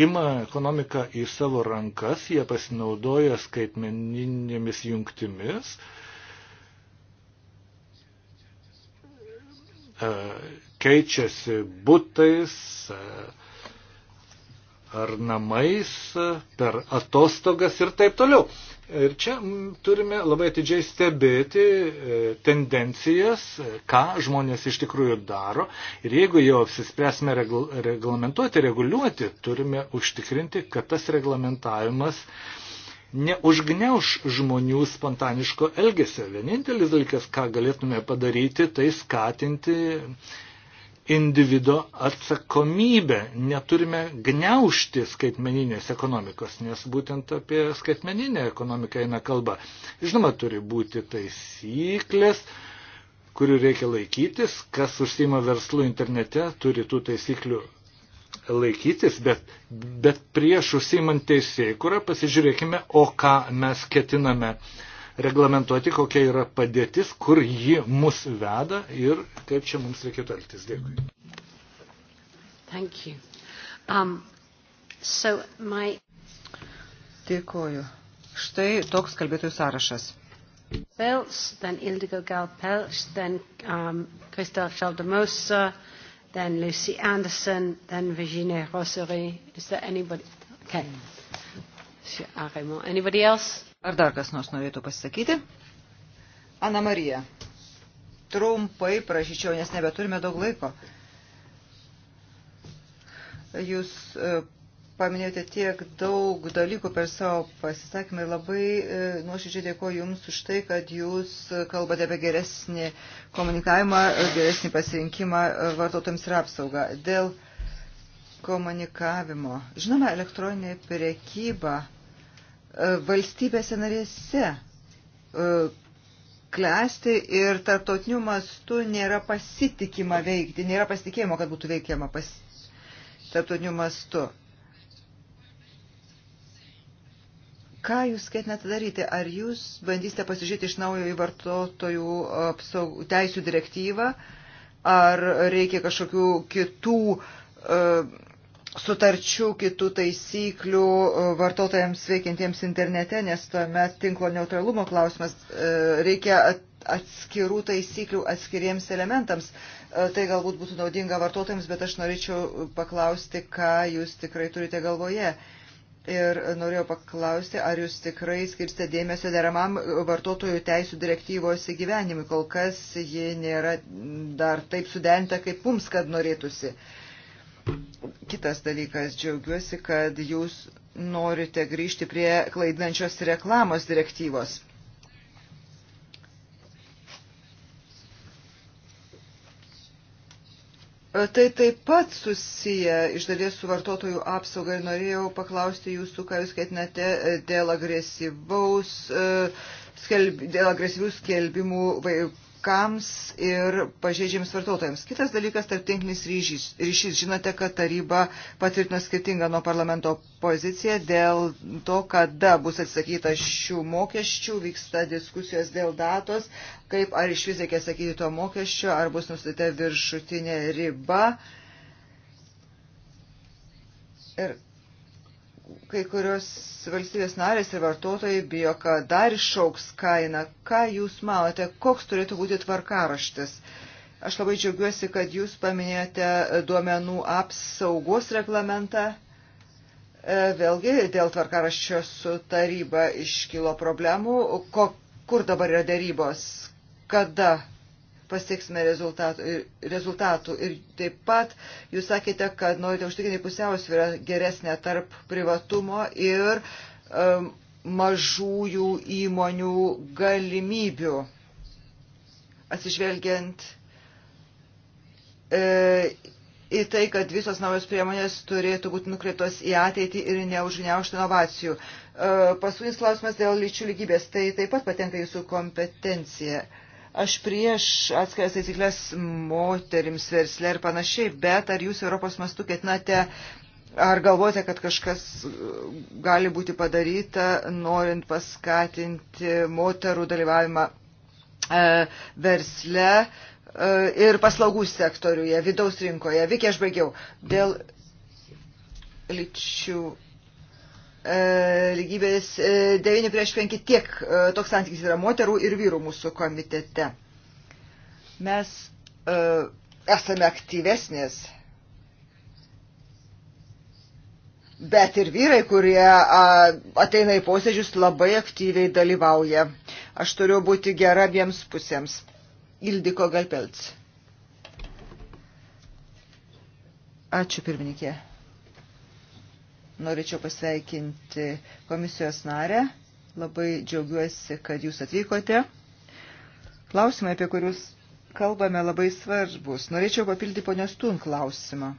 ima ekonomiką į savo rankas, jie pasinaudoja skaitmeninėmis jungtimis. E, keičiasi būtais, e, ar namais, per atostogas ir taip toliau. Ir čia turime labai atidžiai stebėti e, tendencijas, e, ką žmonės iš tikrųjų daro. Ir jeigu jau apsispręsime regl reglamentuoti, reguliuoti, turime užtikrinti, kad tas reglamentavimas neužgneuš žmonių spontaniško elgesio. Vienintelis dalykas, ką galėtume padaryti, tai skatinti individo atsakomybę. Neturime gneušti skaitmeninės ekonomikos, nes būtent apie skaitmeninę ekonomiką eina kalba. Žinoma, turi būti taisyklės kurių reikia laikytis, kas užsima verslų internete, turi tų taisyklių laikytis, bet, bet prieš užsimant teisėjai, kurą pasižiūrėkime, o ką mes ketiname uh, reglamentuoti, kokia yra padėtis, kur ji mus veda ir kaip čia mums reikėtų elgtis. Dėkui. Thank you. Um, so my... Dėkoju. Štai toks kalbėtojų sąrašas. Pelts, then Ildigo Gal Pelts, then um, Christelle Chaldemosa, then Lucy Anderson, then Virginie Rosary. Is there anybody? Okay. Anybody else? Ar dar kas nors norėtų pasisakyti? Ana Marija, trumpai prašyčiau, nes nebeturime daug laiko. Jūs e, paminėjote tiek daug dalykų per savo pasisakymą ir labai e, nuoširdžiai dėkoju Jums už tai, kad Jūs kalbate apie geresnį komunikavimą, geresnį pasirinkimą e, vartotojams ir apsaugą. Dėl komunikavimo. Žinoma, elektroninė priekyba E, valstybėse narėse e, klesti ir tarptautiniu mastu nėra pasitikima veikti, nėra pasitikėjimo, kad būtų veikiama pas, tarptautiniu mastu. Ką jūs ketinate daryti? Ar jūs bandysite pasižiūrėti iš naujo į vartotojų apsaug, teisų direktyvą, ar reikia kažkokių kitų uh, sutarčių, kitų taisyklių e, vartotojams veikiantiems internete, nes tuomet tinklo neutralumo klausimas e, reikia atskirų taisyklių atskiriems elementams. E, tai galbūt būtų naudinga vartotojams, bet aš norėčiau paklausti, ką jūs tikrai turite galvoje. Ir norėjau paklausti, ar jūs tikrai skirstė dėmesio deramam vartotojų teisų direktyvos įgyvenimui. Kol kas ji nėra dar taip suderinta, kaip mums, kad norėtųsi. Uh, Kitas dalykas, džiaugiuosi, kad jūs norite grįžti prie klaidinančios reklamos direktyvos. Tai taip pat susiję iš dalies su vartotojų apsauga ir norėjau paklausti jūsų, ką jūs ketinate e, dėl agresyvaus, e, dėl agresyvių skelbimų bankams ir pažeidžiams vartotojams. Kitas dalykas - tarptinklinis ryšys. ryšys. Žinote, kad taryba patvirtino skirtingą nuo parlamento poziciją dėl to, kada bus atsakyta šių mokesčių, vyksta diskusijos dėl datos, kaip ar iš vis reikia sakyti to mokesčio, ar bus nustatyta viršutinė riba. Ir kai kurios valstybės narės ir vartotojai bijo, kad dar išauks kaina. Ką Jūs manote, koks turėtų būti tvarkaraštis? Aš labai džiaugiuosi, kad Jūs paminėjote duomenų apsaugos reglamentą. E, vėlgi dėl tvarkaraščio su taryba iškilo problemų. Ko, kur dabar yra dėrybos? Kada pasieksime rezultatų ir, rezultatų. ir taip pat jūs sakėte, kad norite užtikrinti pusiausvyrą geresnę tarp privatumo ir um, mažųjų įmonių galimybių, atsižvelgiant e, į tai, kad visos naujos priemonės turėtų būti nukreiptos į ateitį ir neužgniaužti inovacijų. E, Paskutinis klausimas dėl lyčių lygybės. Tai taip pat patenka jūsų kompetencija. E, Aš prieš atskiras taisyklės moterims versle ir panašiai, bet ar jūs Europos mastu ketinate, ar galvojate, kad kažkas uh, gali būti padaryta, norint paskatinti moterų dalyvavimą uh, versle uh, ir paslaugų sektoriuje, vidaus rinkoje. Vikė, aš baigiau. Dėl lyčių E, lygybės 9 e, prieš 5 tiek e, toks santykis yra moterų ir vyrų mūsų komitete. Mes esame aktyvesnės. Bet ir vyrai, kurie ateina į posėdžius, labai aktyviai dalyvauja. Aš turiu būti gera abiems pusėms. Ildiko Galpelts. Ačiū pirmininkė. Norėčiau pasveikinti komisijos narę. Labai džiaugiuosi, kad jūs atvykote. Klausimai, apie kuriuos kalbame, labai svarbus. Norėčiau papildyti ponios Tun klausimą.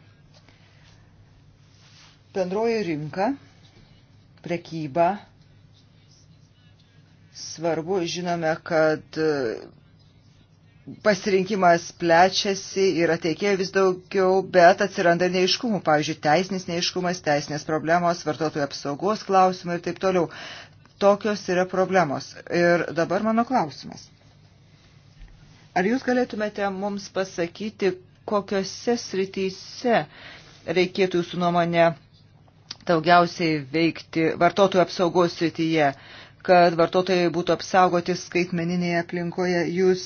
Bendroji rinka, prekyba. Svarbu, žinome, kad pasirinkimas plečiasi ir ateikėjo vis daugiau, bet atsiranda neiškumų, pavyzdžiui, teisinis neiškumas, teisinės problemos, vartotojų apsaugos klausimai ir taip toliau. Tokios yra problemos. Ir dabar mano klausimas. Ar jūs galėtumėte mums pasakyti, kokiuose srityse reikėtų jūsų nuomonė daugiausiai veikti vartotojų apsaugos srityje? kad vartotojai būtų apsaugoti skaitmeninėje aplinkoje. Jūs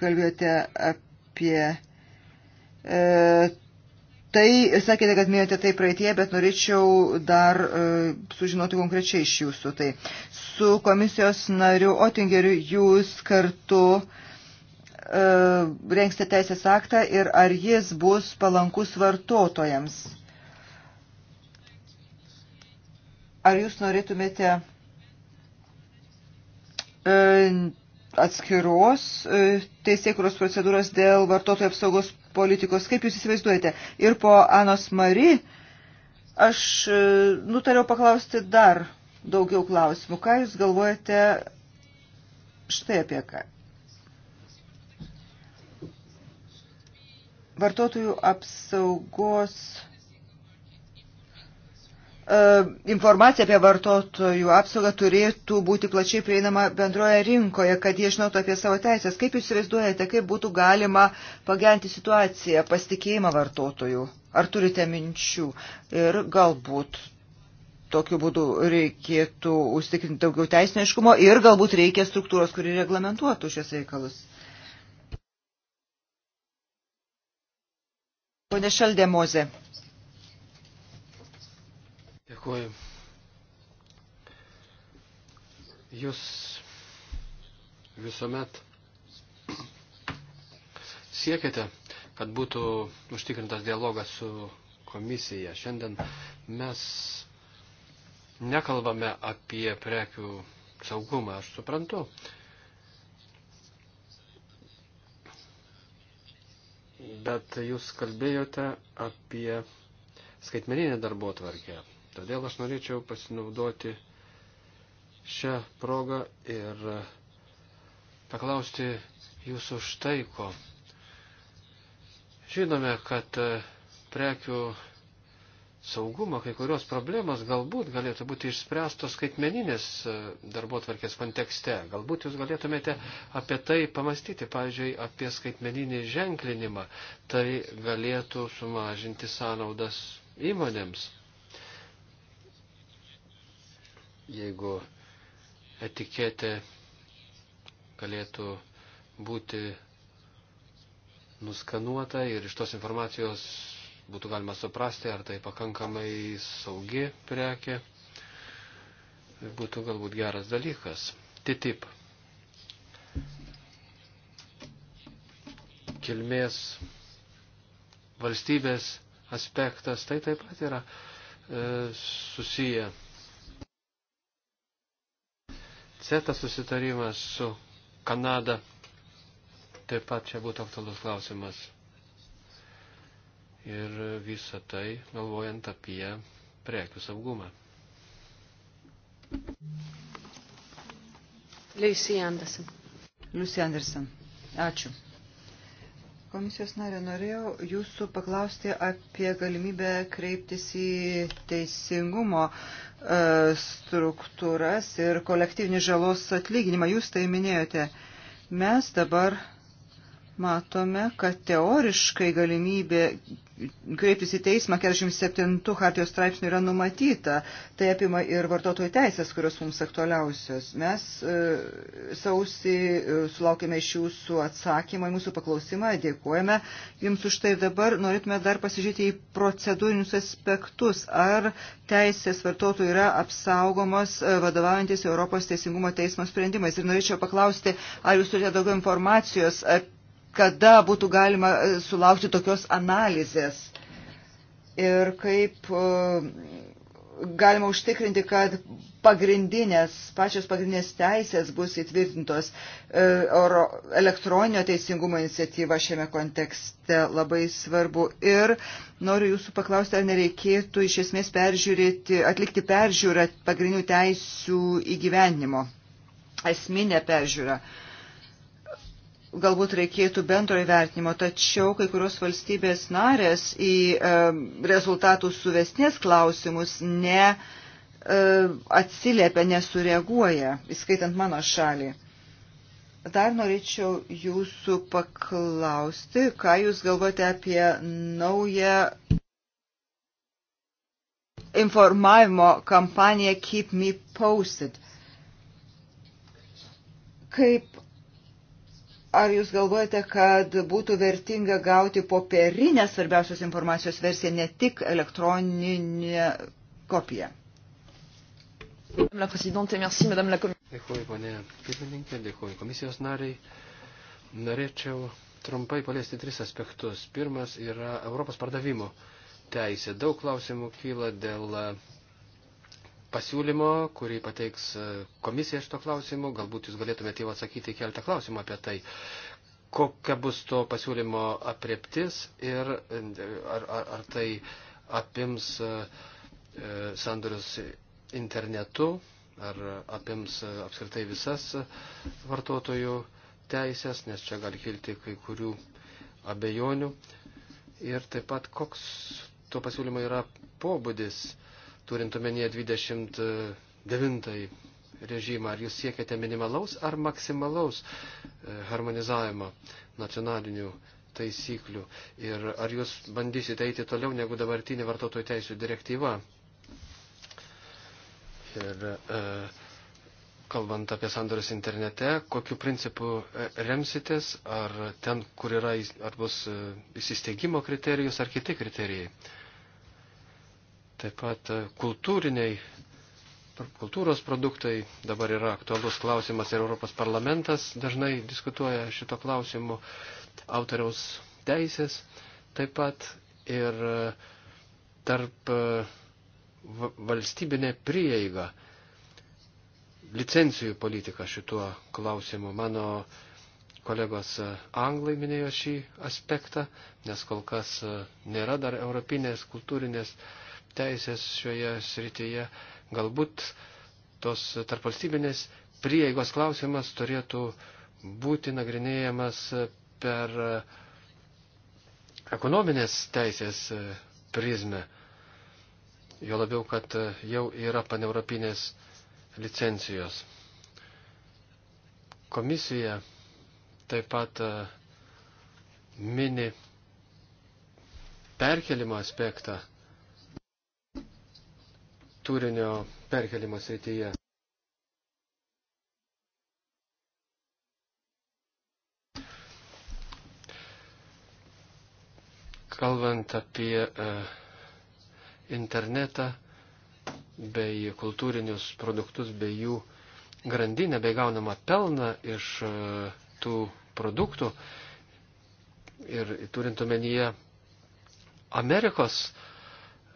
kalbėjote apie e, tai, sakėte, kad minėjote tai praeitie, bet norėčiau dar e, sužinoti konkrečiai iš jūsų. Tai su komisijos nariu Otingeriu jūs kartu e, rengsite teisės aktą ir ar jis bus palankus vartotojams. Ar jūs norėtumėte E, atskiros e, teisėkuros procedūros dėl vartotojų apsaugos politikos, kaip jūs įsivaizduojate. Ir po Anos Mari aš e, nutariau paklausti dar daugiau klausimų. Ką jūs galvojate štai apie ką? Vartotojų apsaugos politikos E, informacija apie vartotojų apsaugą turėtų būti plačiai prieinama bendroje rinkoje, kad jie žinotų apie savo teisės. Kaip jūs įsivaizduojate, kaip būtų galima pagerinti situaciją, pasitikėjimą vartotojų? Ar turite minčių? Ir galbūt tokiu būdu reikėtų užtikrinti daugiau teisniškumo ir galbūt reikia struktūros, kuri reglamentuotų šias reikalus. Pone Šaldė Moze. Dėkuoju. Jūs visuomet siekiate, kad būtų užtikrintas dialogas su komisija. Šiandien mes nekalbame apie prekių saugumą, aš suprantu. Bet jūs kalbėjote apie skaitmeninę darbo tvarkę. Todėl aš norėčiau pasinaudoti šią progą ir e, paklausti jūsų štai ko. Žinome, kad e, prekių saugumo kai kurios problemas galbūt galėtų būti išspręstos skaitmeninės e, darbo tvarkės kontekste. Galbūt jūs galėtumėte apie tai pamastyti, pavyzdžiui, apie skaitmeninį ženklinimą. Tai galėtų sumažinti sąnaudas įmonėms jeigu etiketė galėtų būti nuskanuota ir iš tos informacijos būtų galima suprasti, ar tai pakankamai saugi prekė, tai būtų galbūt geras dalykas. TTIP. Kilmės valstybės aspektas tai taip pat yra e, susiję CETA susitarimas su Kanada taip pat čia būtų aktualus klausimas. Ir visą tai galvojant apie prekių saugumą. Lucy Anderson. Lucy Anderson. Ačiū. Komisijos narė, norėjau jūsų paklausti apie galimybę kreiptis į teisingumo e, struktūras ir kolektyvinį žalos atlyginimą. Jūs tai minėjote. Mes dabar matome, kad teoriškai galimybė kreiptis į teismą 47 hartijos straipsnių yra numatyta. Tai apima ir vartotojų teisės, kurios mums aktualiausios. Mes e, sausi e, sulaukėme iš jūsų atsakymą į mūsų paklausimą, dėkojame jums už tai. Dabar norėtume dar pasižiūrėti į procedūrinius aspektus. Ar teisės vartotojų yra apsaugomos e, vadovaujantis Europos Teisingumo teismo sprendimais. Ir norėčiau paklausti, ar jūs turite daugiau informacijos apie kada būtų galima e, sulaukti tokios analizės ir kaip e, galima užtikrinti, kad pagrindinės, pačios pagrindinės teisės bus įtvirtintos. E, Euro elektroninio teisingumo iniciatyva šiame kontekste labai svarbu. Ir noriu jūsų paklausti, ar nereikėtų iš esmės peržiūrėti, atlikti peržiūrą pagrindinių teisių įgyvenimo, esminę peržiūrą. Uh, galbūt reikėtų bendro įvertinimo, tačiau kai kurios valstybės narės į e, rezultatų suvesnės klausimus ne e, atsiliepia, nesureaguoja, įskaitant mano šalį. Dar norėčiau jūsų paklausti, ką jūs galvote apie naują informavimo kampaniją Keep Me Posted. Kaip Ar jūs galvojate, kad būtų vertinga gauti popierinę svarbiausios informacijos versiją, ne tik elektroninę kopiją? Dėkuoju, ponė pirmininkė, dėkuoju komisijos nariai. Norėčiau trumpai paliesti tris aspektus. Pirmas yra Europos pardavimo teisė. Daug klausimų kyla dėl pasiūlymo, kurį pateiks e, komisija šito klausimu. Galbūt jūs galėtumėte jau atsakyti keltą klausimą apie tai, kokia bus to pasiūlymo apreptis ir e, ar, ar, ar tai apims e, sandorius internetu, ar apims apskritai visas vartotojų teisės, nes čia gali kilti kai kurių abejonių. Ir taip pat koks to pasiūlymo yra pobūdis turint omenyje 29 režimą, ar jūs siekiate minimalaus ar maksimalaus e, harmonizavimo nacionalinių taisyklių ir ar jūs bandysite eiti toliau negu dabartinė vartotojų teisų direktyva. Ir e, kalbant apie sandorius internete, kokiu principu e, remsitės, ar ten, kur yra, ar bus e, įsisteigimo kriterijus, ar kiti kriterijai. Taip pat e, kultūriniai, kultūros produktai dabar yra aktualus klausimas ir Europos parlamentas dažnai diskutuoja šito klausimu autoriaus teisės. Taip pat ir e, tarp e, valstybinė prieiga licencijų politika šituo klausimu. Mano kolegos anglai minėjo šį aspektą, nes kol kas nėra dar europinės kultūrinės uh, teisės šioje srityje, galbūt tos tarpvalstybinės prieigos klausimas turėtų būti nagrinėjamas per ekonominės teisės prizmę. Jo labiau, kad jau yra paneuropinės licencijos. Komisija taip pat e, mini perkelimo aspektą turinio perkelimo srityje. Kalbant apie e, internetą bei kultūrinius produktus bei jų grandinę bei gaunamą pelną iš e, tų produktų ir turint omenyje Amerikos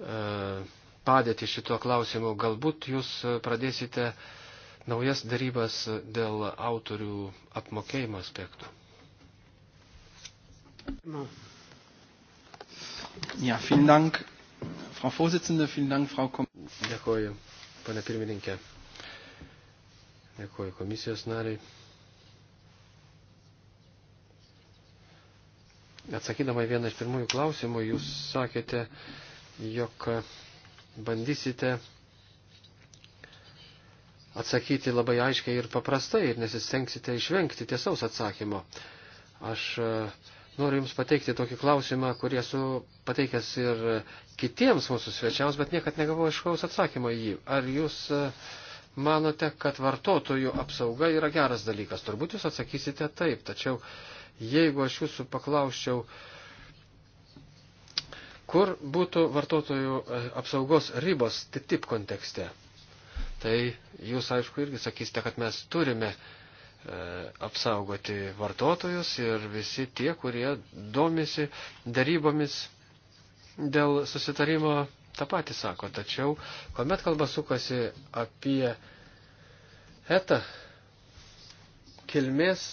uh, padėtį šituo klausimu. Galbūt jūs e, pradėsite naujas darybas dėl autorių apmokėjimo aspektų. Ja, vielen Dank, Frau Vorsitzende, vielen Dank, Frau Kommissarin. Dėkuoju, pane pirmininkė. Dėkuoju komisijos nariai. Atsakydama į vieną iš pirmųjų klausimų, jūs sakėte, jog bandysite atsakyti labai aiškiai ir paprastai ir nesistengsite išvengti tiesaus atsakymo. Aš e, noriu Jums pateikti tokį klausimą, kurį esu pateikęs ir kitiems mūsų svečiams, bet niekad negavau aiškaus atsakymo į jį. Ar Jūs e, manote, kad vartotojų apsauga yra geras dalykas? Turbūt Jūs atsakysite taip, tačiau jeigu aš Jūsų paklausčiau, uh, Kur būtų vartotojų e, apsaugos ribos TTIP kontekste? Tai jūs, aišku, irgi sakysite, kad mes turime e, apsaugoti vartotojus ir visi tie, kurie domisi darybomis dėl susitarimo, tą patį sako. Tačiau, kuomet kalba sukasi apie etą kilmės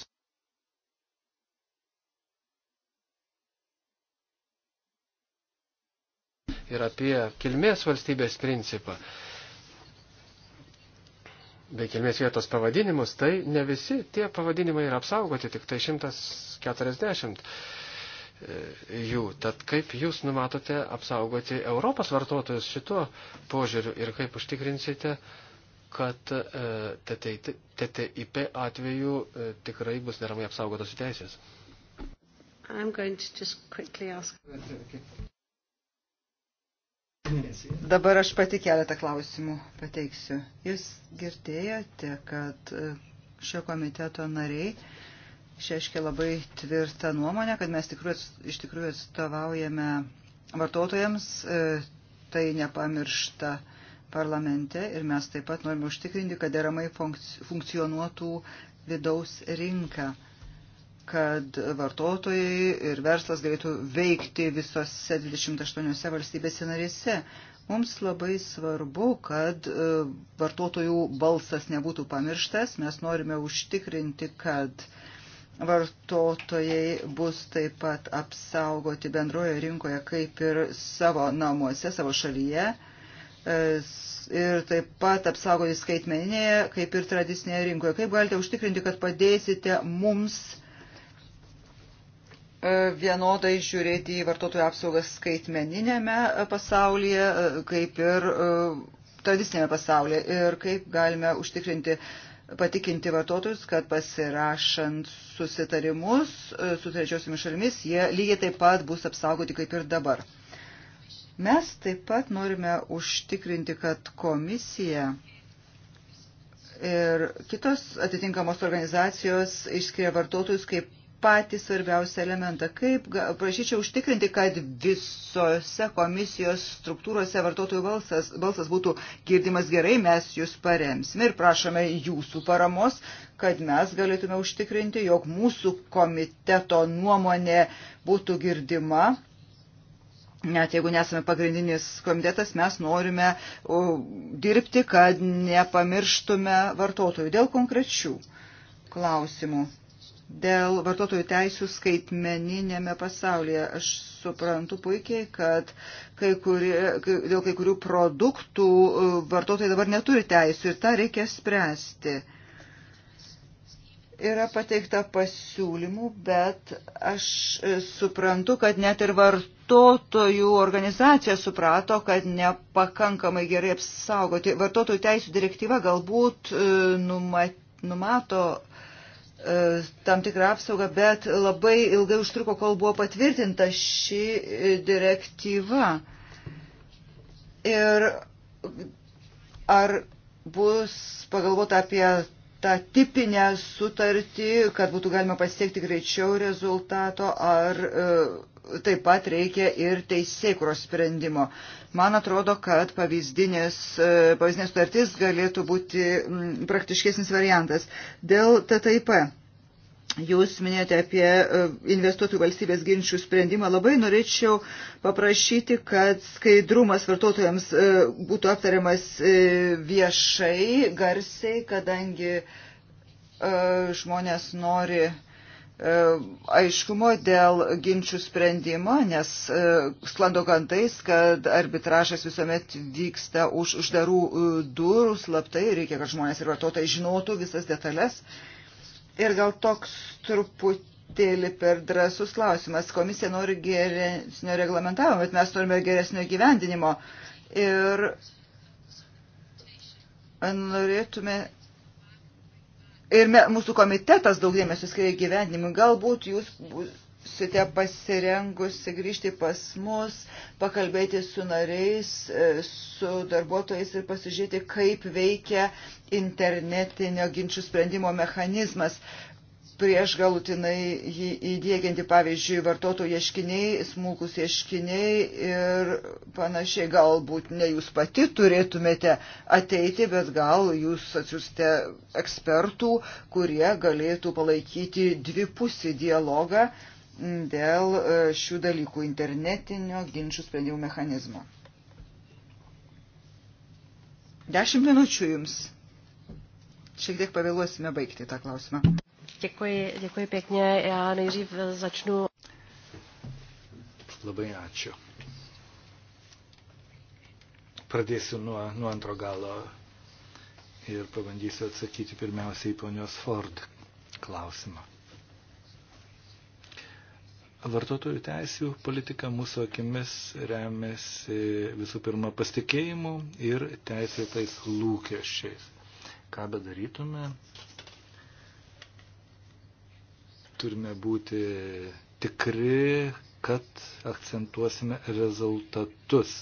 ir apie kilmės valstybės principą bei kilmės vietos pavadinimus, tai ne visi tie pavadinimai yra apsaugoti, tik tai 140 e, jų. Tad kaip jūs numatote apsaugoti Europos vartotojus šituo požiūriu ir kaip užtikrinsite, kad e, TTIP atveju e, tikrai bus deramai apsaugotos teisės? I'm going to just quickly ask. Dabar aš pati keletą klausimų pateiksiu. Jūs girdėjote, kad e, šio komiteto nariai išreiškė labai tvirtą nuomonę, kad mes tikrųjų, iš tikrųjų atstovaujame vartotojams, e, tai nepamiršta parlamente ir mes taip pat norime užtikrinti, kad deramai funkcionuotų vidaus rinka kad vartotojai ir verslas galėtų veikti visose 28 valstybėse narėse. Mums labai svarbu, kad e, vartotojų balsas nebūtų pamirštas. Mes norime užtikrinti, kad vartotojai bus taip pat apsaugoti bendroje rinkoje kaip ir savo namuose, savo šalyje e, ir taip pat apsaugoti skaitmeninėje kaip ir tradicinėje rinkoje. Kaip galite užtikrinti, kad padėsite mums E, vienodai žiūrėti į vartotojų apsaugą skaitmeninėme pasaulyje, e, kaip ir e, tradicinėme pasaulyje ir kaip galime užtikrinti patikinti vartotojus, kad pasirašant susitarimus su trečiosiomis šalimis, jie lygiai taip pat bus apsaugoti kaip ir dabar. Mes taip pat norime užtikrinti, kad komisija ir kitos atitinkamos organizacijos išskiria vartotojus kaip patį svarbiausią elementą. Kaip prašyčiau užtikrinti, kad visose komisijos struktūrose vartotojų balsas, balsas būtų girdimas gerai, mes jūs paremsime ir prašome jūsų paramos, kad mes galėtume užtikrinti, jog mūsų komiteto nuomonė būtų girdima. Net jeigu nesame pagrindinis komitetas, mes norime dirbti, kad nepamirštume vartotojų dėl konkrečių klausimų dėl vartotojų teisų skaitmeninėme pasaulyje. Aš suprantu puikiai, kad kai kurie, dėl kai kurių produktų e, vartotojai dabar neturi teisų ir tą reikia spręsti. Yra pateikta pasiūlymų, bet aš e, suprantu, kad net ir vartotojų organizacija suprato, kad nepakankamai gerai apsaugoti. Vartotojų teisų direktyva galbūt e, numat, numato E, tam tikrą apsaugą, bet labai ilgai užtruko, kol buvo patvirtinta ši e, direktyva. Ir ar bus pagalvota apie tą tipinę sutartį, kad būtų galima pasiekti greičiau rezultato, ar e, taip pat reikia ir teisėkros sprendimo. Man atrodo, kad pavyzdinės, e, pavyzdinės sutartis galėtų būti praktiškesnis variantas. Dėl TTIP. Jūs minėjote apie e, investuotojų valstybės ginčių sprendimą. Labai norėčiau paprašyti, kad skaidrumas vartotojams e, būtų aptariamas viešai, garsiai, kadangi žmonės nori uh, E, aiškumo dėl ginčių sprendimo, nes e, sklando gantais, kad arbitražas visuomet vyksta už uždarų e, durų slaptai, reikia, kad žmonės ir vartotojai žinotų visas detalės. Ir gal toks truputėlį per drasus klausimas. Komisija nori geresnio reglamentavimo, bet mes norime geresnio gyvendinimo. Ir norėtume Ir me, mūsų komitetas daug dėmesio skiria gyvenimui. Galbūt jūs būsite pasirengusi grįžti pas mus, pakalbėti su nariais, e, su darbuotojais ir pasižiūrėti, kaip veikia internetinio ginčių sprendimo mechanizmas prieš galutinai jį įdėginti, pavyzdžiui, vartotojų ieškiniai, smulkus ieškiniai ir panašiai. Galbūt ne jūs pati turėtumėte ateiti, bet gal jūs atsiusite ekspertų, kurie galėtų palaikyti dvipusį dialogą dėl e, šių dalykų internetinio ginčių sprendimų mechanizmo. Dešimt minučių jums. Šiek tiek pavėluosime baigti tą klausimą. Děkuji, děkuji pěkně. Já nejdřív začnu. Labai ačiū. Pradėsiu nuo, nuo antro galo ir pabandysiu atsakyti pirmiausiai į ponios Ford klausimą. Vartotojų teisų politika mūsų akimis remiasi visų pirma pasitikėjimu ir teisėtais lūkesčiais. Ką bedarytume, Turime būti tikri, kad akcentuosime rezultatus.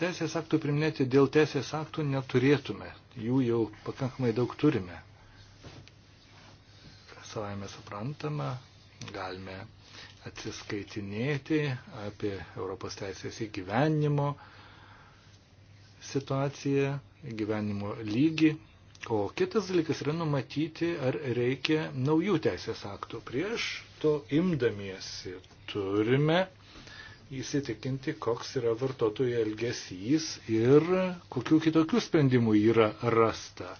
Teisės aktų priminėti dėl teisės aktų neturėtume. Jų jau pakankamai daug turime. Savaime suprantama, galime atsiskaitinėti apie Europos teisės įgyvenimo situaciją, įgyvenimo lygį O kitas dalykas yra numatyti, ar reikia naujų teisės aktų. Prieš to imdamiesi turime įsitikinti, koks yra vartotojų elgesys ir kokių kitokių sprendimų yra rasta.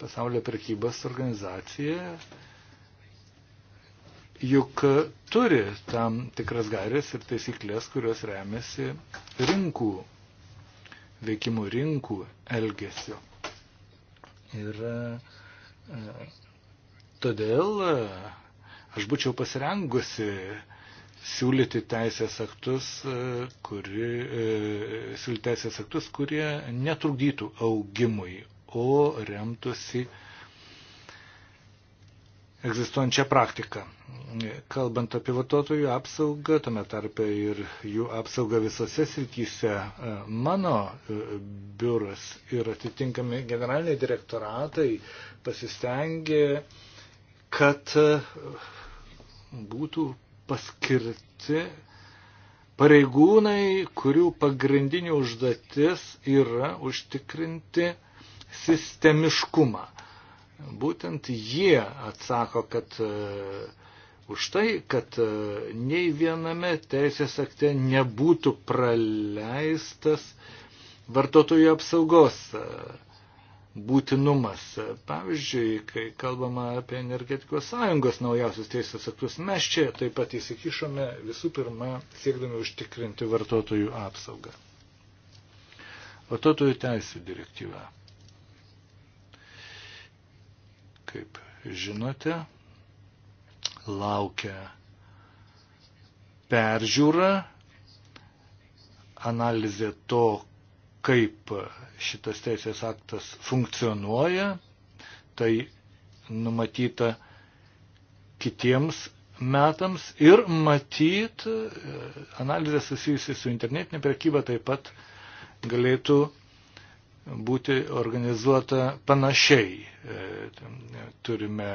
Pasaulio prekybos organizacija juk turi tam tikras gairės ir taisyklės, kurios remiasi rinkų veikimų rinkų elgesio. Ir e, todėl e, aš būčiau pasirengusi siūlyti teisės aktus, e, kuri, siūlyti teisės aktus, kurie netrukdytų augimui, o remtųsi uh, egzistuojančią praktiką. Kalbant apie vartotojų apsaugą, tame tarpe ir jų apsaugą visose srityse, e, mano e, biuras ir atitinkami generaliniai direktoratai pasistengė, kad e, būtų paskirti pareigūnai, kurių pagrindinė užduotis yra užtikrinti sistemiškumą Būtent jie atsako, kad e, už tai, kad e, nei viename teisės akte nebūtų praleistas vartotojų apsaugos e, būtinumas. Pavyzdžiui, kai kalbama apie energetikos sąjungos naujausius teisės aktus, mes čia taip pat įsikišome visų pirma siekdami užtikrinti vartotojų apsaugą. Vartotojų teisų direktyva kaip žinote, laukia peržiūra, analizė to, kaip šitas teisės aktas funkcionuoja, tai numatyta kitiems metams ir matyt, e, analizė susijusi su internetinė prekyba taip pat galėtų būti organizuota panašiai. E, turime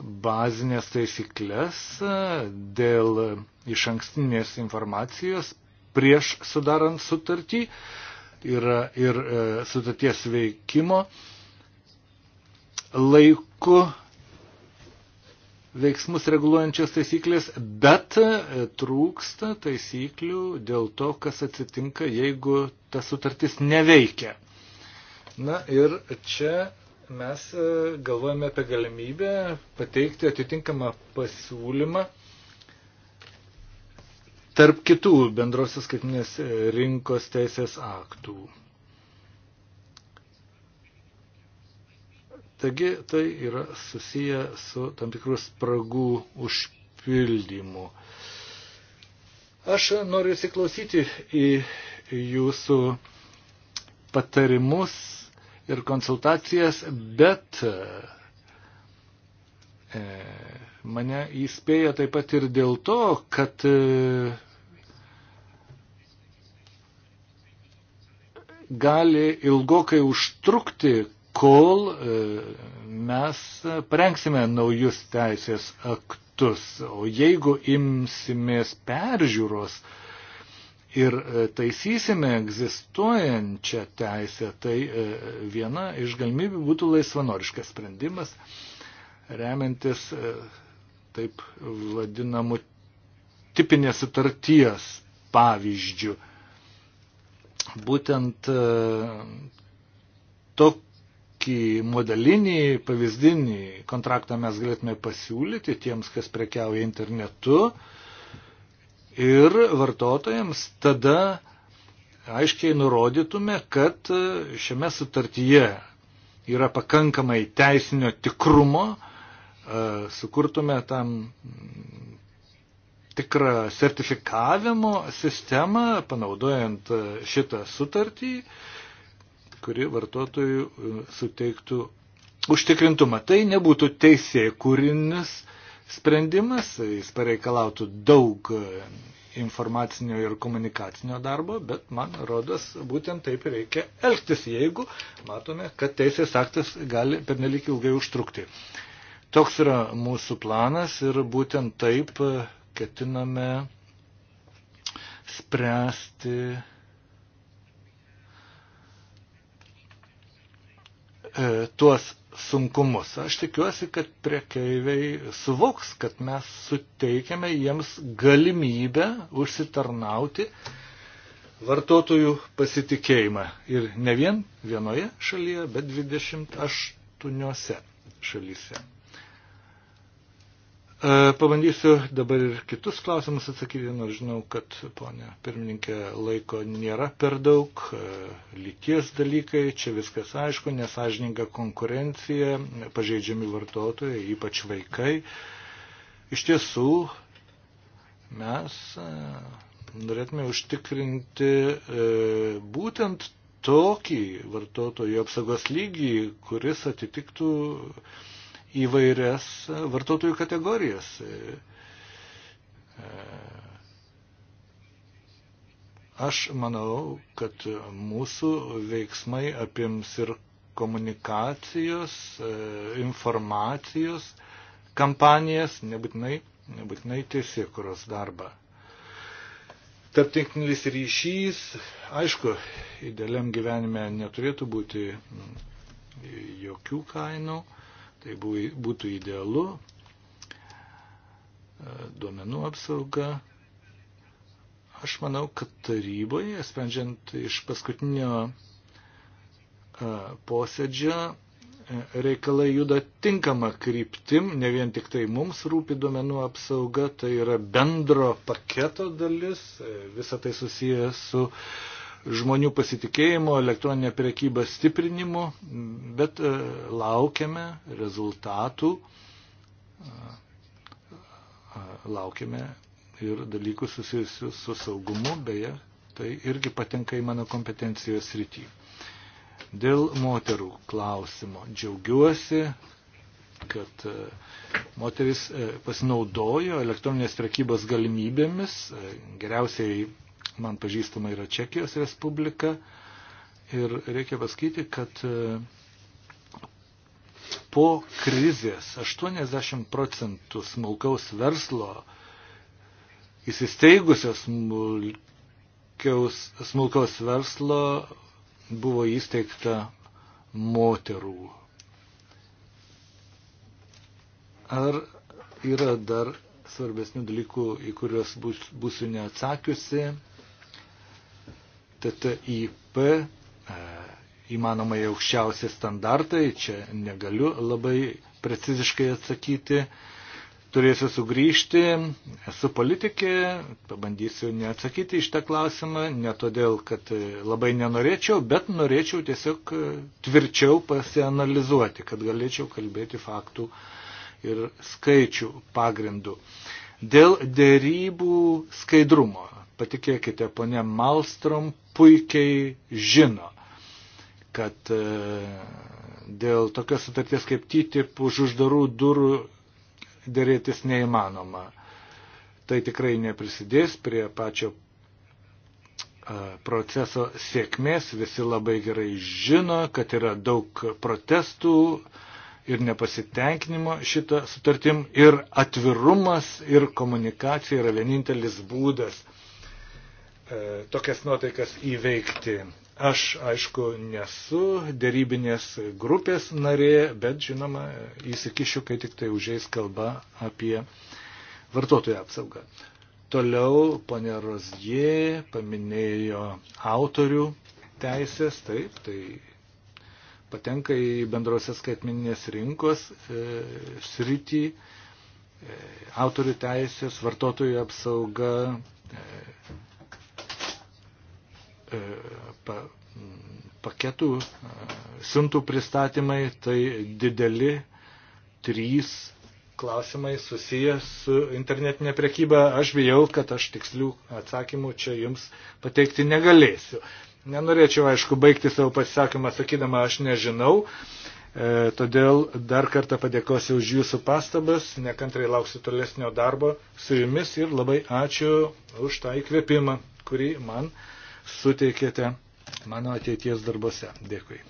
bazinės taisyklės e, dėl iš ankstinės informacijos prieš sudarant sutartį yra ir e, sutarties veikimo laiku veiksmus reguliuojančios taisyklės, bet e, trūksta taisyklių dėl to, kas atsitinka, jeigu ta sutartis neveikia. Na ir čia mes e, galvojame apie galimybę pateikti atitinkamą pasiūlymą tarp kitų bendrosios skaitinės e, rinkos teisės aktų. Taigi tai yra susiję su tam tikrus spragų užpildymu. Aš noriu įsiklausyti į jūsų patarimus ir konsultacijas, bet e, mane įspėja taip pat ir dėl to, kad e, gali ilgokai užtrukti, kol e, mes parengsime naujus teisės aktus. O jeigu imsimės peržiūros ir e, taisysime egzistuojančią teisę, tai e, viena iš galimybių būtų laisvanoriškas sprendimas, remiantis taip vadinamu tipinės sutarties pavyzdžių. Būtent to, kokį modelinį, pavyzdinį kontraktą mes galėtume pasiūlyti tiems, kas prekiauja internetu ir vartotojams tada aiškiai nurodytume, kad šiame sutartyje yra pakankamai teisinio tikrumo, e, sukurtume tam tikrą sertifikavimo sistemą, panaudojant šitą sutartį kuri vartotojų e, suteiktų užtikrintumą. Tai nebūtų teisė kūrinis sprendimas, jis pareikalautų daug e, informacinio ir komunikacinio darbo, bet man rodas, būtent taip reikia elgtis, jeigu matome, kad teisės aktas gali pernelik ilgai užtrukti. Toks yra mūsų planas ir būtent taip e, ketiname spręsti E, tuos sunkumus. Aš tikiuosi, kad priekeiviai suvoks, kad mes suteikiame jiems galimybę užsitarnauti vartotojų pasitikėjimą. Ir ne vien vienoje šalyje, bet 28 šalyse. E, pabandysiu dabar ir kitus klausimus atsakyti, nors žinau, kad ponė pirmininkė laiko nėra per daug, e, lyties dalykai, čia viskas aišku, nesažininga konkurencija, pažeidžiami vartotojai, ypač vaikai. Iš tiesų, mes e, norėtume užtikrinti būtent tokį vartotojų apsaugos lygį, kuris atitiktų įvairias vartotojų kategorijas. Aš manau, kad mūsų veiksmai apims ir komunikacijos, informacijos kampanijas, nebūtinai, nebūtinai tiesiekuros darbą. Tarptinklinis ryšys, aišku, idealiam gyvenime neturėtų būti jokių kainų. Tai būtų idealu. E, duomenų apsauga. Aš manau, kad taryboje, sprendžiant iš paskutinio e, posėdžio, e, reikalai juda tinkama kryptim, ne vien tik tai mums rūpi duomenų apsauga, tai yra bendro paketo dalis, visą tai susijęs su uh, žmonių pasitikėjimo elektroninė priekyba stiprinimu, bet e, laukiame rezultatų, e, e, laukiame ir dalykų susijusių su saugumu, beje, tai irgi patenka į mano kompetencijos rytį. Dėl moterų klausimo džiaugiuosi, kad moteris pasinaudojo elektroninės prekybos galimybėmis, geriausiai man pažįstama yra Čekijos Respublika. Ir reikia pasakyti, kad e, po krizės 80 procentų smulkaus verslo įsisteigusios smulkiaus, smulkaus verslo buvo įsteigta moterų. Ar yra dar svarbesnių dalykų, į kuriuos bus, būsiu neatsakiusi? TTIP e, įmanomai aukščiausi standartai, čia negaliu labai preciziškai atsakyti. Turėsiu sugrįžti, esu politikė, pabandysiu neatsakyti iš tą klausimą, ne todėl, kad labai nenorėčiau, bet norėčiau tiesiog tvirčiau pasianalizuoti, kad galėčiau kalbėti faktų ir skaičių pagrindų. Dėl dėrybų skaidrumo Patikėkite, ponė Malstrom puikiai žino, kad e, dėl tokios sutarties kaip TTIP už uždarų durų dėrėtis neįmanoma. Tai tikrai neprisidės prie pačio e, proceso sėkmės. Visi labai gerai žino, kad yra daug protestų ir nepasitenkinimo šitą sutartim. Ir atvirumas ir komunikacija yra vienintelis būdas E, tokias nuotaikas įveikti. Aš, aišku, nesu dėrybinės grupės narė, bet, žinoma, įsikišiu, kai tik tai užės kalba apie vartotojų apsaugą. Toliau ponė Rozje paminėjo autorių teisės, taip, tai patenka į bendrosios skaitmininės rinkos e, sritį, e, autorių teisės, vartotojų apsauga, e, E, paketų e, siuntų pristatymai, tai dideli trys klausimai susijęs su internetinė prekyba. Aš bijau, kad aš tikslių atsakymų čia jums pateikti negalėsiu. Nenorėčiau, aišku, baigti savo pasisakymą sakydama, aš nežinau. E, todėl dar kartą padėkosiu už jūsų pastabas, nekantrai lauksiu tolesnio darbo su jumis ir labai ačiū už tą įkvėpimą, kurį man uh, suteikėte mano ateities darbose. Dėkui.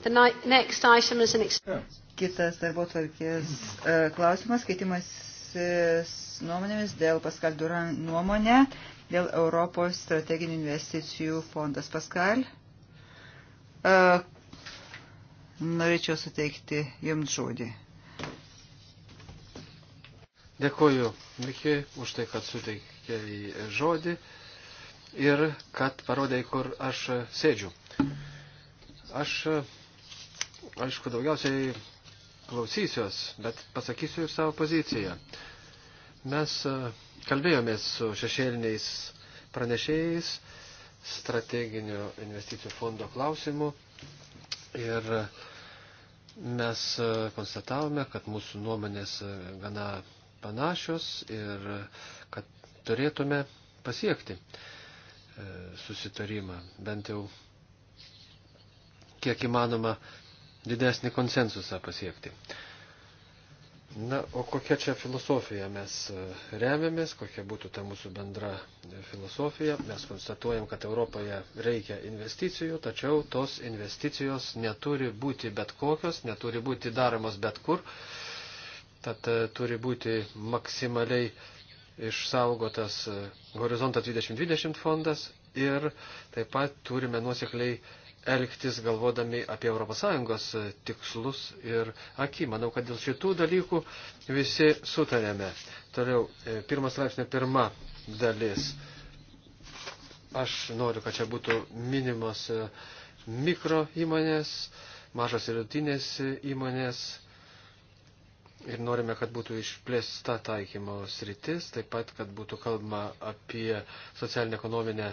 Kitas darbo tvarkės e, klausimas, keitimas nuomonėmis dėl Paskal Duran nuomonę, dėl Europos strateginių investicijų fondas Paskal. E, norėčiau suteikti jums žodį. Dėkuoju, Miki, už tai, kad suteikė žodį ir kad parodai, kur aš sėdžiu. Aš aišku, daugiausiai klausysiuos, bet pasakysiu ir savo poziciją. Mes e, kalbėjomės su šešėliniais pranešėjais strateginio investicijų fondo klausimų ir mes e, konstatavome, kad mūsų nuomonės e, gana panašios ir kad turėtume pasiekti susitarimą, bent jau kiek įmanoma didesnį konsensusą pasiekti. Na, o kokia čia filosofija mes e, remiamės, kokia būtų ta mūsų bendra e, filosofija. Mes konstatuojam, kad Europoje reikia investicijų, tačiau tos investicijos neturi būti bet kokios, neturi būti daromos bet kur. Tad e, turi būti maksimaliai išsaugotas Horizontas 2020 fondas ir taip pat turime nuosekliai elgtis galvodami apie ES tikslus ir akį. Manau, kad dėl šitų dalykų visi sutarėme. Toliau, e, pirmas straipsnė, pirma dalis. Aš noriu, kad čia būtų minimos e, mikro įmonės, mažos ir rutinės įmonės ir norime, kad būtų išplėsta taikymo sritis, taip pat, kad būtų kalbama apie socialinę ekonominę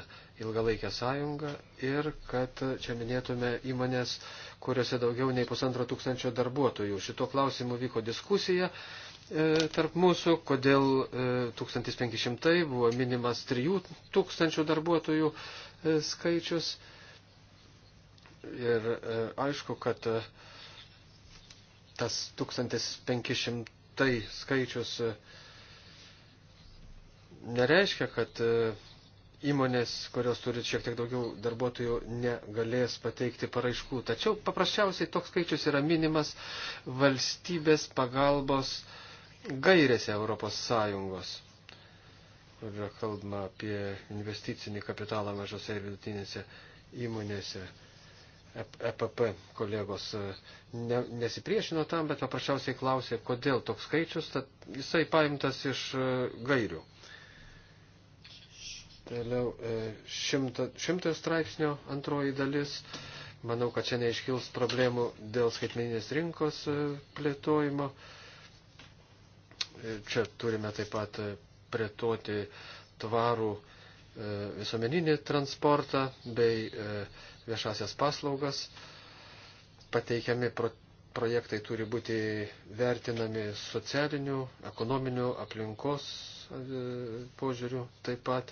ilgalaikę sąjungą ir kad čia minėtume įmonės, kuriuose daugiau nei pusantro tūkstančio darbuotojų. Šituo klausimu vyko diskusija e, tarp mūsų, kodėl e, 1500 buvo minimas 3000 darbuotojų e, skaičius. Ir e, aišku, kad e, tas 1500 skaičius e, nereiškia, kad e, įmonės, kurios turi šiek tiek daugiau darbuotojų, negalės pateikti paraiškų. Tačiau paprasčiausiai toks skaičius yra minimas valstybės pagalbos gairėse Europos Sąjungos. Kur yra kalbama apie investicinį kapitalą mažose ir vidutinėse įmonėse. EPP kolegos e, ne, nesipriešino tam, bet paprasčiausiai klausė, kodėl toks skaičius, tad jisai paimtas iš e, gairių. Toliau šimtas, e, šimtas straipsnio antroji dalis. Manau, kad čia neiškils problemų dėl skaitmeninės rinkos plėtojimo. Čia turime taip pat plėtoti tvarų visuomeninį transportą bei viešasias paslaugas. Pateikiami pro, projektai turi būti vertinami socialinių, ekonominių, aplinkos e, požiūrių taip pat.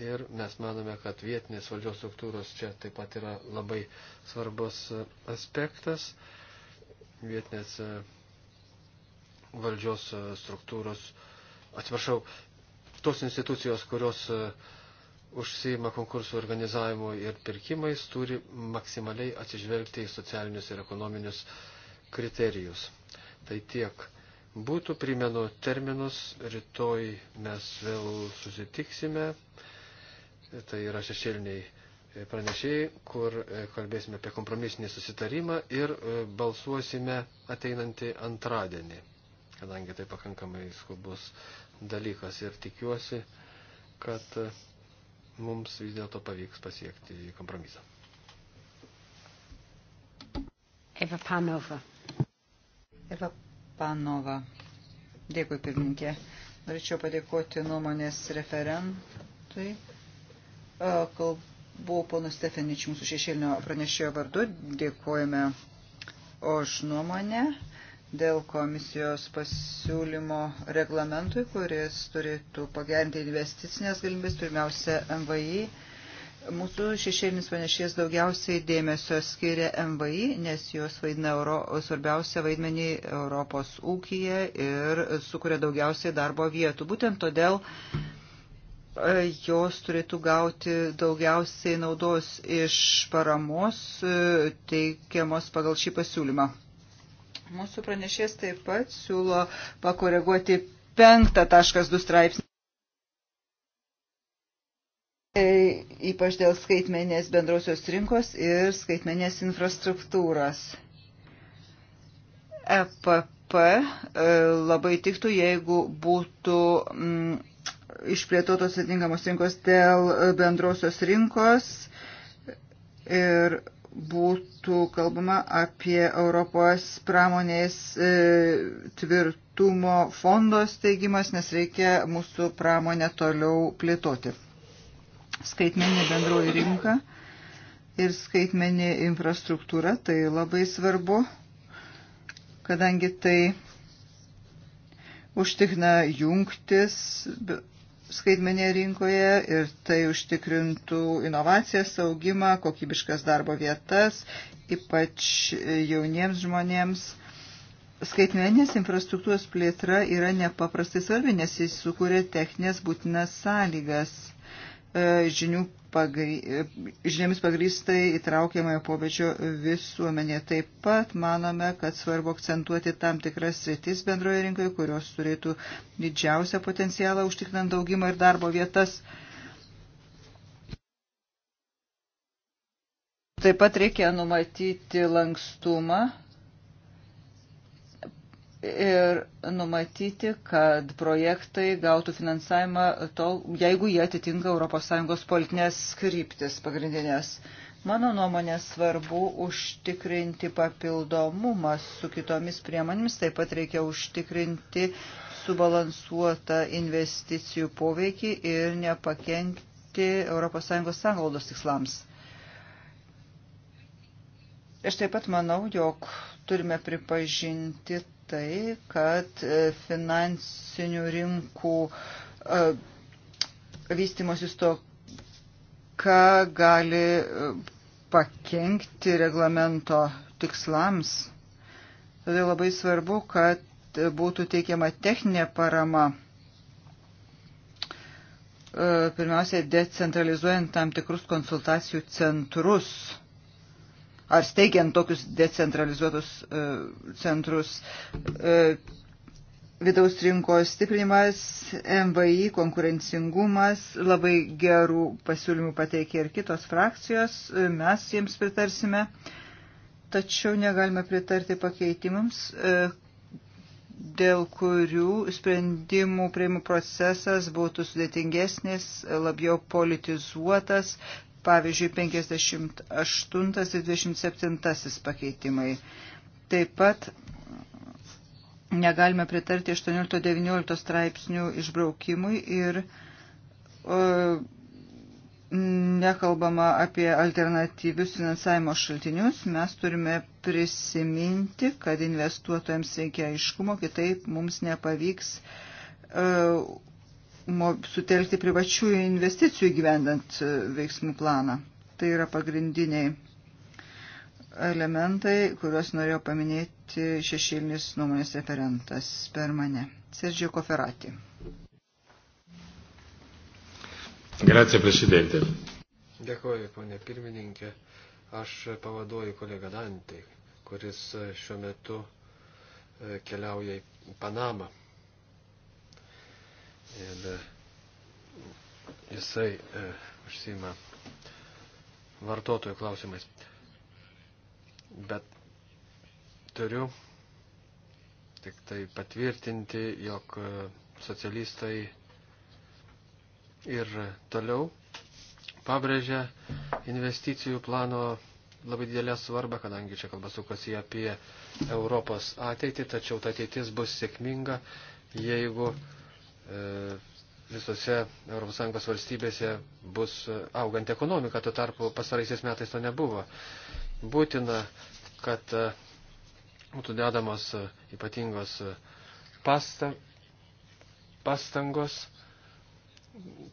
Ir mes manome, kad vietinės valdžios struktūros čia taip pat yra labai svarbus e, aspektas. Vietinės e, valdžios struktūros, atsiprašau, tos institucijos, kurios uh, užsima konkursų organizavimu ir pirkimais, turi maksimaliai atsižvelgti į socialinius ir ekonominius kriterijus. Tai tiek būtų, primenu terminus, rytoj mes vėl susitiksime, tai yra šešėliniai pranešėjai, kur e, kalbėsime apie kompromisinį susitarimą ir e, balsuosime ateinantį antradienį, kadangi tai pakankamai skubus dalykas ir tikiuosi, kad e, mums vis dėlto pavyks pasiekti kompromisą. Eva Panova. Eva Panova. Dėkui, pirmininkė. Norėčiau padėkoti nuomonės referentui. Kalbu pono Stefanič mūsų šešėlinio pranešėjo vardu. Dėkojame už nuomonę dėl komisijos pasiūlymo reglamentui, kuris turėtų pagerinti investicinės galimybės, pirmiausia MVI. Mūsų šešėlinis panešės daugiausiai dėmesio skiria MVI, nes jos vaidina Euro, svarbiausia vaidmenį Europos ūkyje ir sukuria daugiausiai darbo vietų. Būtent todėl e, jos turėtų gauti daugiausiai naudos iš paramos e, teikiamos pagal šį pasiūlymą. Mūsų pranešės taip pat siūlo pakoreguoti penktą taškas du straipsnį. E, ypač dėl skaitmenės bendrosios rinkos ir skaitmenės infrastruktūros. EPP e, labai tiktų, jeigu būtų mm, išplėtotos atitinkamos rinkos dėl e, bendrosios rinkos ir būtų kalbama apie Europos pramonės e, tvirtumo fondo steigimas, nes reikia mūsų pramonę toliau plėtoti. Skaitmeninė bendroji rinka ir skaitmeninė infrastruktūra, tai labai svarbu, kadangi tai užtikrina jungtis skaitmenėje rinkoje ir tai užtikrintų inovacijas, saugimą, kokybiškas darbo vietas, ypač jauniems žmonėms. Skaitmeninės infrastruktūros plėtra yra nepaprastai svarbi, nes jis sukuria techninės būtinas sąlygas E, žinių pagry, e, žiniomis pagrįstai įtraukiamojo pobečio visuomenė. Taip pat manome, kad svarbu akcentuoti tam tikras sritis bendroje rinkoje, kurios turėtų didžiausią potencialą užtikrinant augimą ir darbo vietas. Taip pat reikia numatyti lankstumą ir numatyti, kad projektai gautų finansavimą tol, jeigu jie atitinka ES politinės kryptis pagrindinės. Mano nuomonė svarbu užtikrinti papildomumą su kitomis priemonėmis, taip pat reikia užtikrinti subalansuotą investicijų poveikį ir nepakenkti ES sąnaudos tikslams. Aš taip pat manau, jog turime pripažinti tai, kad e, finansinių rinkų e, vystimosi stoka gali e, pakengti reglamento tikslams. Todėl labai svarbu, kad būtų teikiama techninė parama. Pirmiausia, decentralizuojant tam tikrus konsultacijų centrus ar steigiant tokius decentralizuotus e, centrus. E, vidaus rinkos stiprinimas, MVI konkurencingumas, labai gerų pasiūlymų pateikė ir kitos frakcijos, e, mes jiems pritarsime, tačiau negalime pritarti pakeitimams, dėl kurių sprendimų prieimų procesas būtų sudėtingesnis, labiau politizuotas, pavyzdžiui, 58 ir 27 pakeitimai. Taip pat negalime pritarti 18-19 straipsnių išbraukimui ir o, nekalbama apie alternatyvius finansavimo šaltinius. Mes turime prisiminti, kad investuotojams reikia aiškumo, kitaip mums nepavyks o, sutelkti privačių investicijų gyvendant e, veiksmų planą. Tai yra pagrindiniai elementai, kuriuos norėjo paminėti šešėlinis nuomonės referentas per mane. Sergio Koferati. Grazie, Presidente. Dėkuoju, ponė pirmininkė. Aš pavaduoju kolegą Dantį, kuris šiuo metu e, keliauja į Panamą. Ir e, jisai e, užsima vartotojų klausimais. Bet turiu tik tai patvirtinti, jog e, socialistai ir toliau pabrėžia investicijų plano labai didelę svarbą, kadangi čia kalba sukasi apie Europos ateitį, tačiau ta ateitis bus sėkminga, jeigu uh, E, visose ES valstybėse bus auganti ekonomika, tuo tarpu pasaraisiais metais to nebuvo. Būtina, kad e, būtų dedamos e, ypatingos pastangos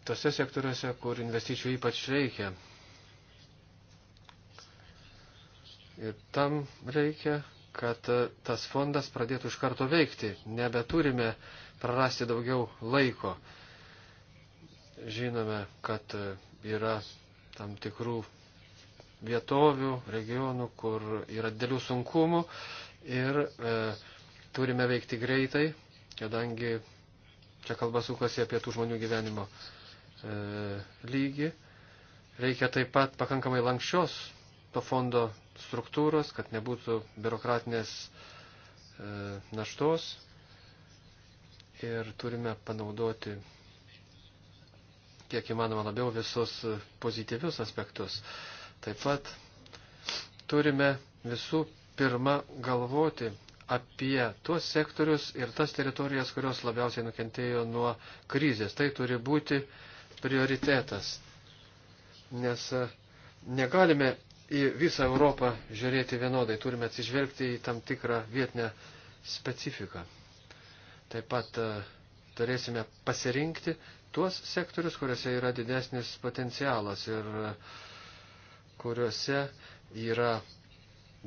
tose sektoriuose, kur investicijų ypač reikia. Ir tam reikia, kad tas fondas pradėtų iš karto veikti. Nebeturime uh, prarasti daugiau laiko. Žinome, kad yra tam tikrų vietovių, regionų, kur yra dėlių sunkumų ir e, turime veikti greitai, kadangi čia kalba sukasi apie tų žmonių gyvenimo e, lygį. Reikia taip pat pakankamai lankščios to fondo struktūros, kad nebūtų biurokratinės e, naštos ir turime panaudoti kiek įmanoma labiau visus pozityvius aspektus. Taip pat turime visų pirma galvoti apie tuos sektorius ir tas teritorijas, kurios labiausiai nukentėjo nuo krizės. Tai turi būti prioritetas. Nes negalime į visą Europą žiūrėti vienodai, turime atsižvelgti į tam tikrą vietinę specifiką. Taip pat e, turėsime pasirinkti tuos sektorius, kuriuose yra didesnis potencialas ir e, kuriuose yra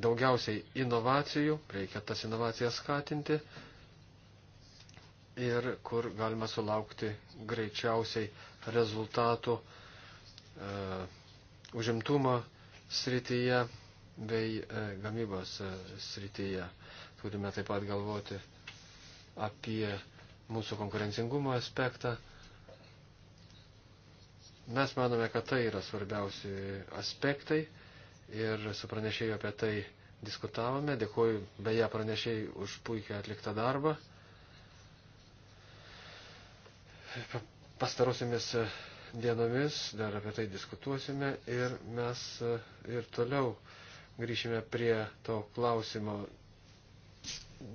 daugiausiai inovacijų, reikia tas inovacijas skatinti ir kur galima sulaukti greičiausiai rezultatų e, užimtumo srityje bei e, gamybos e, srityje. Turime taip pat galvoti apie mūsų konkurencingumo aspektą. Mes manome, kad tai yra svarbiausi aspektai ir su pranešėju apie tai diskutavome. Dėkuoju beje pranešėjai už puikiai atliktą darbą. Pastarosiamis e, dienomis dar apie tai diskutuosime ir mes e, ir toliau grįšime prie to klausimo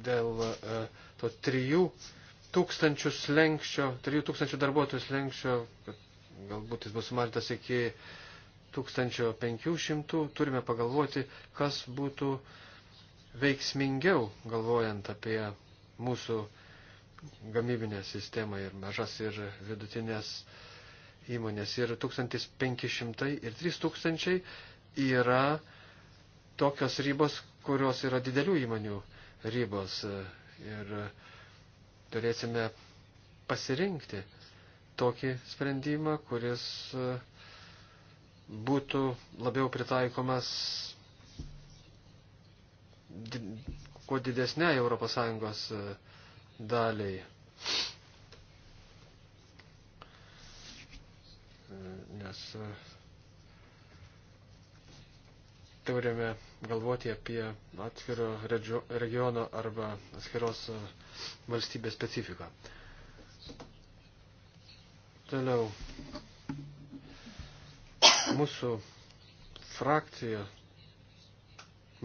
dėl uh, to 3000 lenkščio, 3000 darbuotojų lenkščio, galbūt jis bus sumažintas iki 1500, turime pagalvoti, kas būtų veiksmingiau, galvojant apie mūsų gamybinę sistemą ir mažas ir vidutinės įmonės. Ir 1500 ir 3000 yra tokios ribos, kurios yra didelių įmonių ribos ir e, turėsime pasirinkti tokį sprendimą, kuris e, būtų labiau pritaikomas kuo didesniai ES e, daliai. Nes turime galvoti apie atskiro regiono arba atskiros e, valstybės specifiką. Toliau. Mūsų frakcija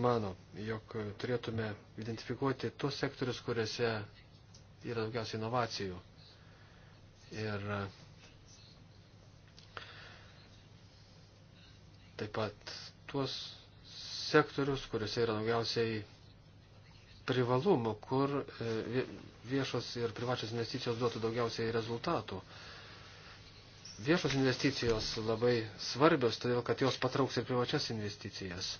mano, jog turėtume identifikuoti tuos sektorius, kuriuose yra daugiausiai inovacijų. Ir e, taip pat tuos sektorius, kuriuose yra daugiausiai privalumų, kur e, viešos ir privačios investicijos duotų daugiausiai rezultatų. Viešos investicijos labai svarbios, todėl kad jos patrauks ir privačias investicijas.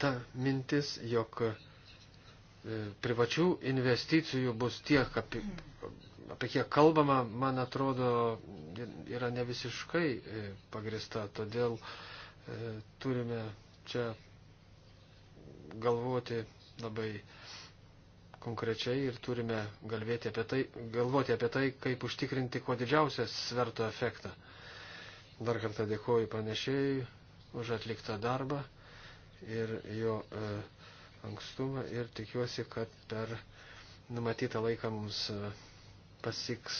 Ta mintis, jog e, privačių investicijų bus tiek, apie, apie kiek kalbama, man atrodo, yra nevisiškai e, pagrista. Todėl uh, E, turime čia galvoti labai konkrečiai ir turime galvėti apie tai, galvoti apie tai, kaip užtikrinti kuo didžiausią sverto efektą. Dar kartą dėkuoju pranešėjui už atliktą darbą ir jo e, ankstumą ir tikiuosi, kad per numatytą laiką mums e, pasiks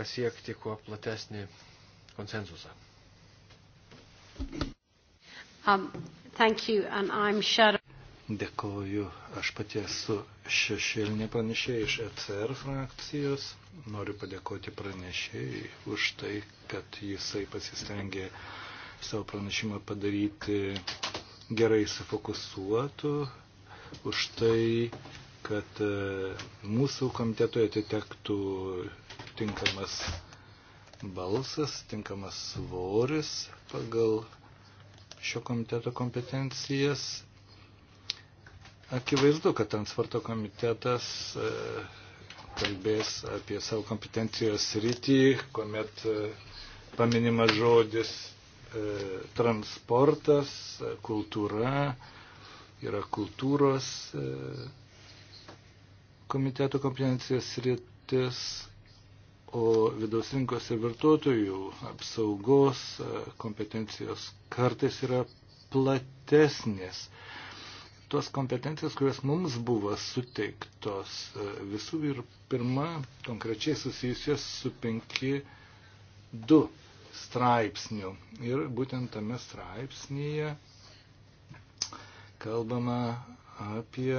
pasiekti kuo platesnį konsensusą. Um, Dėkoju, aš pati esu šešėlinė pranešėja iš ECR frakcijos. Noriu padėkoti pranešėjai už tai, kad jisai pasistengė savo pranešimą padaryti gerai sufokusuotų, už tai, kad e, mūsų komitetui atitektų tinkamas balsas, tinkamas svoris pagal šio komiteto kompetencijas. Akivaizdu, kad transporto komitetas e, kalbės apie savo kompetencijos rytį, kuomet e, paminimas žodis e, transportas, kultūra, yra kultūros komiteto kompetencijos rytis o vidaus rinkos ir vartotojų apsaugos e, kompetencijos kartais yra platesnės. Tos kompetencijos, kurios mums buvo suteiktos e, visų ir pirma, konkrečiai susijusios su 5.2 straipsniu. Ir būtent tame straipsnėje kalbama apie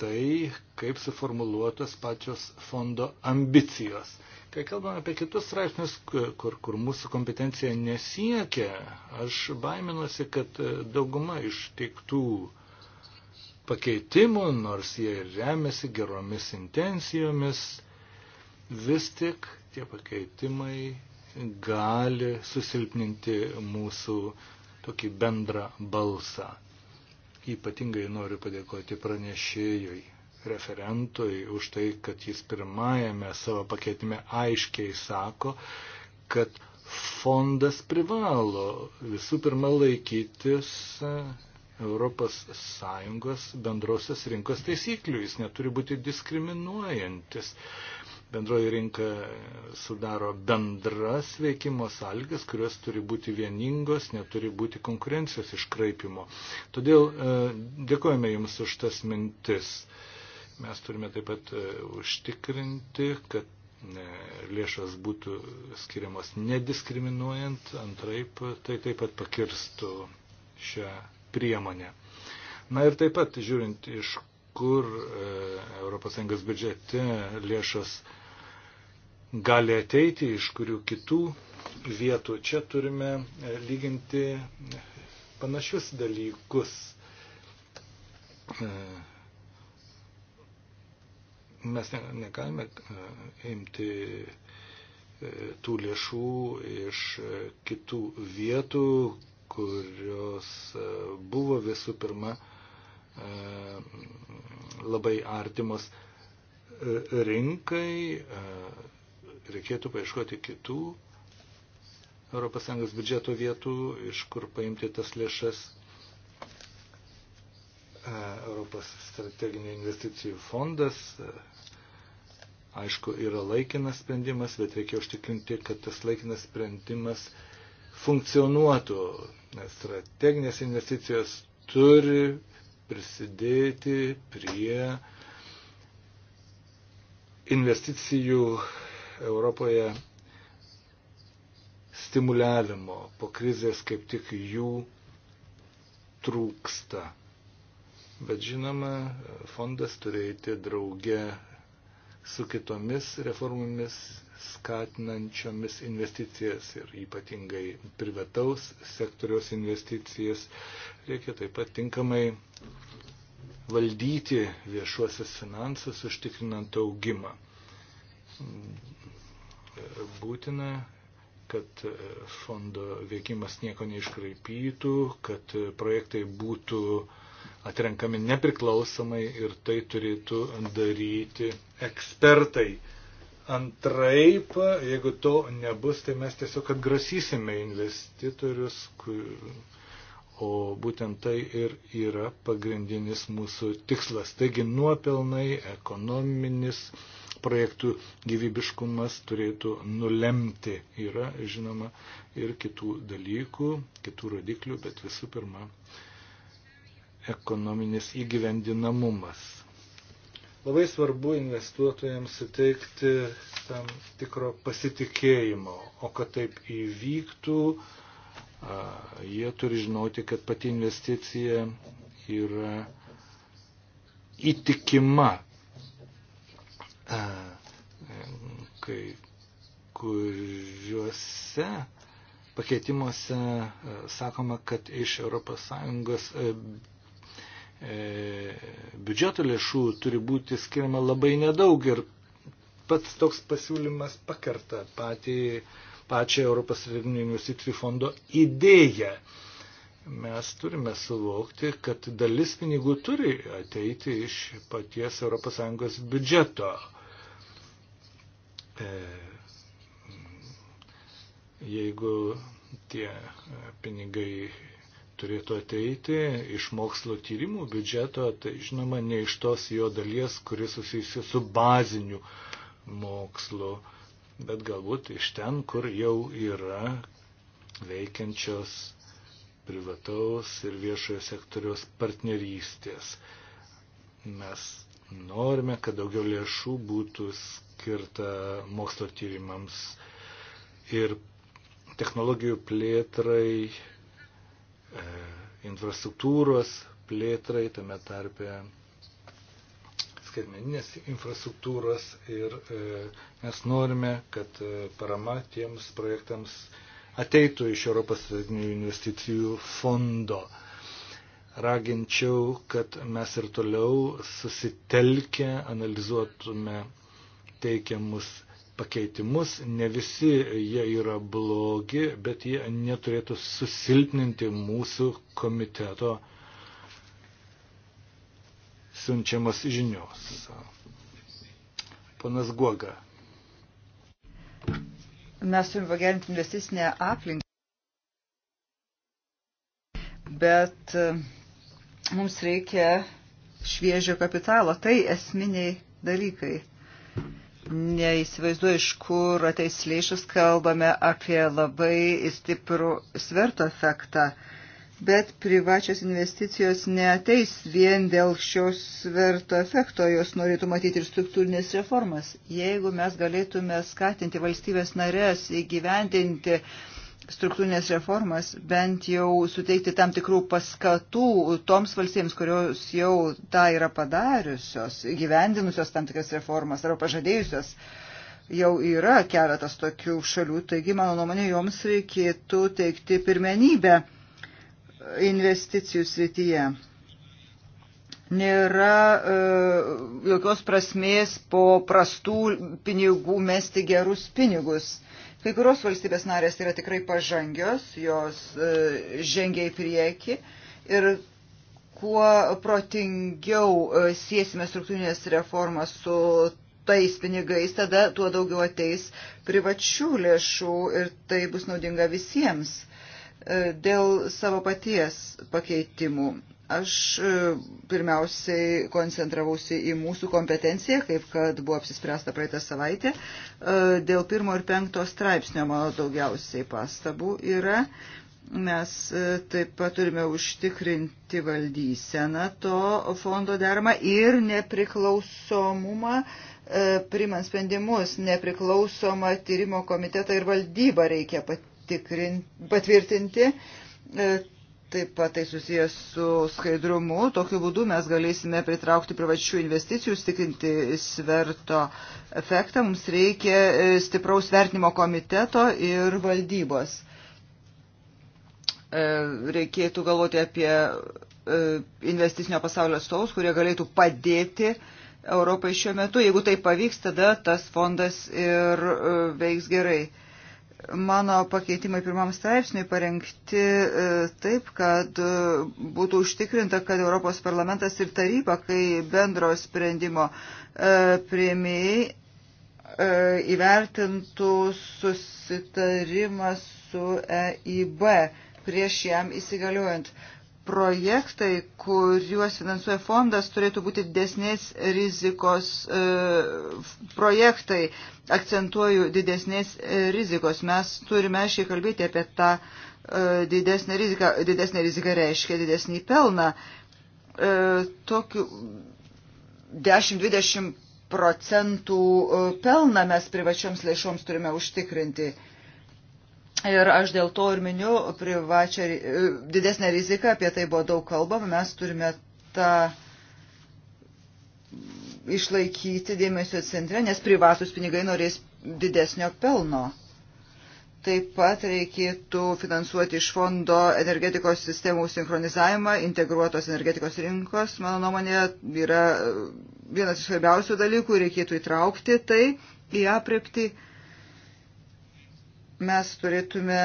tai, kaip suformuluotos pačios fondo ambicijos. Kai kalbame apie kitus straipsnius, kur, kur mūsų kompetencija nesiekia, aš baiminuosi, kad e, dauguma iš tiktų pakeitimų, nors jie ir remiasi geromis intencijomis, vis tik tie pakeitimai gali susilpninti mūsų tokį bendrą balsą. Ypatingai noriu padėkoti pranešėjui referentui už tai, kad jis pirmajame savo pakėtime aiškiai sako, kad fondas privalo visų pirma laikytis ES bendrosios rinkos taisyklių. Jis neturi būti diskriminuojantis. Bendroji rinka sudaro bendras veikimo sąlygas, kurios turi būti vieningos, neturi būti konkurencijos iškraipimo. Todėl e, dėkojame Jums už tas mintis. Mes turime taip pat e, užtikrinti, kad e, lėšos būtų skiriamos nediskriminuojant, antraip tai taip pat pakirstų šią priemonę. Na ir taip pat žiūrint, iš kur e, ES biudžete lėšos gali ateiti, iš kurių kitų vietų. Čia turime lyginti panašius dalykus mes negalime e, imti e, tų lėšų iš e, kitų vietų, kurios buvo visų pirma labai artimos rinkai, reikėtų paieškoti kitų ES biudžeto vietų, iš kur paimti tas lėšas. Europos strateginio investicijų fondas aišku, yra laikinas sprendimas, bet reikia užtikrinti, kad tas laikinas sprendimas funkcionuotų. Strateginės investicijos turi prisidėti prie investicijų Europoje stimuliavimo. Po krizės kaip tik jų trūksta. Bet žinoma, fondas turėti drauge su kitomis reformomis skatinančiomis investicijas ir ypatingai privataus sektoriaus investicijas. Reikia taip pat tinkamai valdyti viešuosius finansus, užtikrinant augimą. Būtina kad fondo veikimas nieko neiškraipytų, kad projektai būtų uh, atrenkami nepriklausomai ir tai turėtų daryti ekspertai. Antraip, jeigu to nebus, tai mes tiesiog atgrasysime investitorius, o būtent tai ir yra pagrindinis mūsų tikslas. Taigi nuopelnai, ekonominis projektų gyvybiškumas turėtų nulemti. Yra, žinoma, ir kitų dalykų, kitų rodiklių, bet visų pirma, ekonominis įgyvendinamumas. Labai svarbu investuotojams suteikti tam tikro pasitikėjimo, o kad taip įvyktų, jie turi žinoti, kad pati investicija yra įtikima, kai kuriuose pakeitimuose sakoma, kad iš ES E, biudžeto lėšų turi būti skiriama labai nedaug ir pats toks pasiūlymas pakarta patį, pačią Europos regioninių investicijų fondo idėją. Mes turime suvokti, kad dalis pinigų turi ateiti iš paties ES biudžeto. E, jeigu tie pinigai turėtų ateiti iš mokslo tyrimų biudžeto, tai žinoma, ne iš tos jo dalies, kuris susijusi su baziniu mokslu, bet galbūt iš ten, kur jau yra veikiančios privataus ir viešojo sektoriaus partnerystės. Mes norime, kad daugiau lėšų būtų skirta mokslo tyrimams ir technologijų plėtrai E, infrastruktūros plėtrai, tame tarpe skaitmeninės infrastruktūros ir e, mes norime, kad e, parama tiems projektams ateitų iš Europos strateginių investicijų fondo. Raginčiau, kad mes ir toliau susitelkę analizuotume teikiamus pakeitimus. Ne visi jie yra blogi, bet jie neturėtų susilpninti mūsų komiteto siunčiamas žinios. Panas Guoga. Mes turime pagerinti investicinę aplinką, bet e, mums reikia šviežio kapitalo. Tai esminiai dalykai neįsivaizduoju, iš kur ateis lėšus, kalbame apie labai stiprų sverto efektą, bet privačios investicijos neteis vien dėl šios sverto efekto, jos norėtų matyti ir struktūrinės reformas. Jeigu mes galėtume skatinti valstybės narės įgyvendinti, uh, struktūrinės reformas, bent jau suteikti tam tikrų paskatų toms valstybėms, kurios jau tą yra padariusios, gyvendinusios tam tikras reformas arba pažadėjusios. Jau yra keletas tokių šalių, taigi, mano nuomonė, joms reikėtų teikti pirmenybę investicijų srityje. Nėra e, jokios prasmės po prastų pinigų mesti gerus pinigus Kai kurios valstybės narės yra tikrai pažangios, jos e, žengia į priekį ir kuo protingiau e, siesime struktūrinės reformas su tais pinigais, tada tuo daugiau ateis privačių lėšų ir tai bus naudinga visiems e, dėl savo paties pakeitimų. Aš e, pirmiausiai koncentravausi į mūsų kompetenciją, kaip kad buvo apsispręsta praeitą savaitę. E, dėl pirmo ir penkto straipsnio mano daugiausiai pastabų yra. Mes e, taip pat turime užtikrinti valdyseną to fondo dermą ir nepriklausomumą primant sprendimus. Nepriklausomą tyrimo komitetą ir valdybą reikia patikrinti, patvirtinti Taip pat tai susijęs su skaidrumu. Tokiu būdu mes galėsime pritraukti privačių investicijų, stikrinti sverto efektą. Mums reikia e, stipraus vertinimo komiteto ir valdybos. E, reikėtų galvoti apie e, investicinio pasaulio atstovus, kurie galėtų padėti Europai šiuo metu. Jeigu tai pavyks, tada tas fondas ir veiks gerai mano pakeitimai pirmam straipsniui parengti e, taip, kad e, būtų užtikrinta, kad Europos parlamentas ir taryba, kai bendro sprendimo e, prieimėjai įvertintų susitarimą su EIB prieš jam įsigaliuojant projektai, kuriuos finansuoja fondas, turėtų būti didesnės rizikos e, projektai. Akcentuoju didesnės e, rizikos. Mes turime aiškiai kalbėti apie tą e, didesnę riziką. Didesnė rizika reiškia didesnį pelną. E, tokiu 10-20 procentų e, pelną mes privačioms lėšoms turime užtikrinti. E, Ir aš dėl to ir miniu privačią e, didesnę riziką, apie tai buvo daug kalbama, mes turime tą išlaikyti dėmesio centre, nes privatus pinigai norės didesnio pelno. Taip pat reikėtų finansuoti iš fondo energetikos sistemų sinchronizavimą, integruotos energetikos rinkos, mano nuomonė, yra vienas iš svarbiausių dalykų, reikėtų įtraukti tai į aprepti. Ja, mes turėtume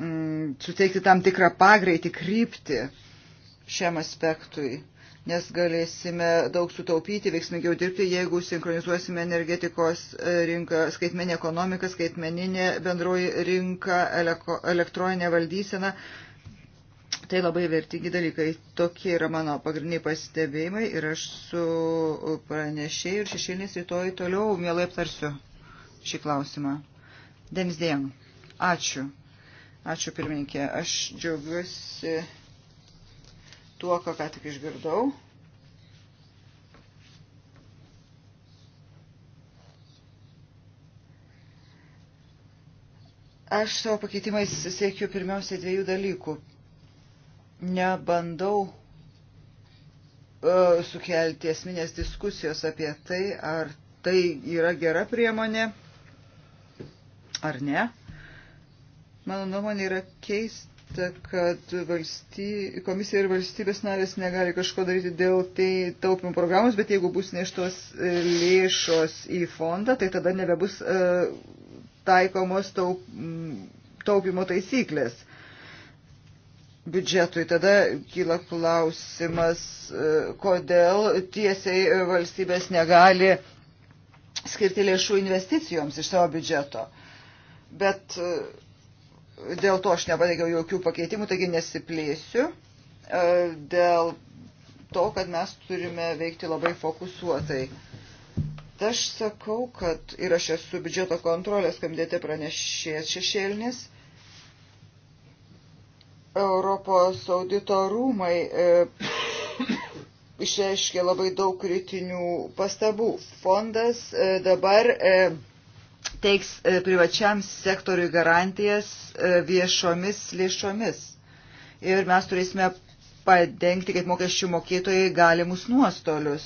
mm, suteikti tam tikrą pagreitį, kryptį šiam aspektui, nes galėsime daug sutaupyti, veiksmingiau dirbti, jeigu sinchronizuosime energetikos e, rinką, skaitmeninę ekonomiką, skaitmeninę bendroji rinką, elektroninę valdyseną. Tai labai vertingi dalykai. Tokie yra mano pagrindiniai pastebėjimai ir aš su pranešėjai ir šešėlės rytoj toliau mielai aptarsiu šį klausimą. Denis Dėjang. Ačiū. Ačiū pirmininkė. Aš džiaugiuosi tuo, ką ką tik išgirdau. Aš savo pakeitimais siekiu pirmiausiai dviejų dalykų. Nebandau uh, sukelti esminės diskusijos apie tai, ar tai yra gera priemonė ar ne. Mano nuomonė yra keista, kad valsty... komisija ir valstybės narės negali kažko daryti dėl tai taupimo programos, bet jeigu bus neštos e, lėšos į fondą, tai tada nebebus uh, taikomos taup... taupimo taisyklės biudžetui. Tada kyla klausimas, e, kodėl tiesiai valstybės negali skirti lėšų investicijoms iš savo biudžeto. Bet uh, dėl to aš nepateikiau jokių pakeitimų, taigi nesiplėsiu. E, dėl to, kad mes turime veikti labai fokusuotai. Aš sakau, kad ir aš esu biudžeto kontrolės komitete pranešėjęs šešėlinis. Europos audito rūmai e, išreiškė labai daug kritinių pastabų. Fondas e, dabar e, teiks e, privačiam sektoriui garantijas e, viešomis lėšomis. Ir mes turėsime padengti kaip mokesčių mokėtojai galimus nuostolius.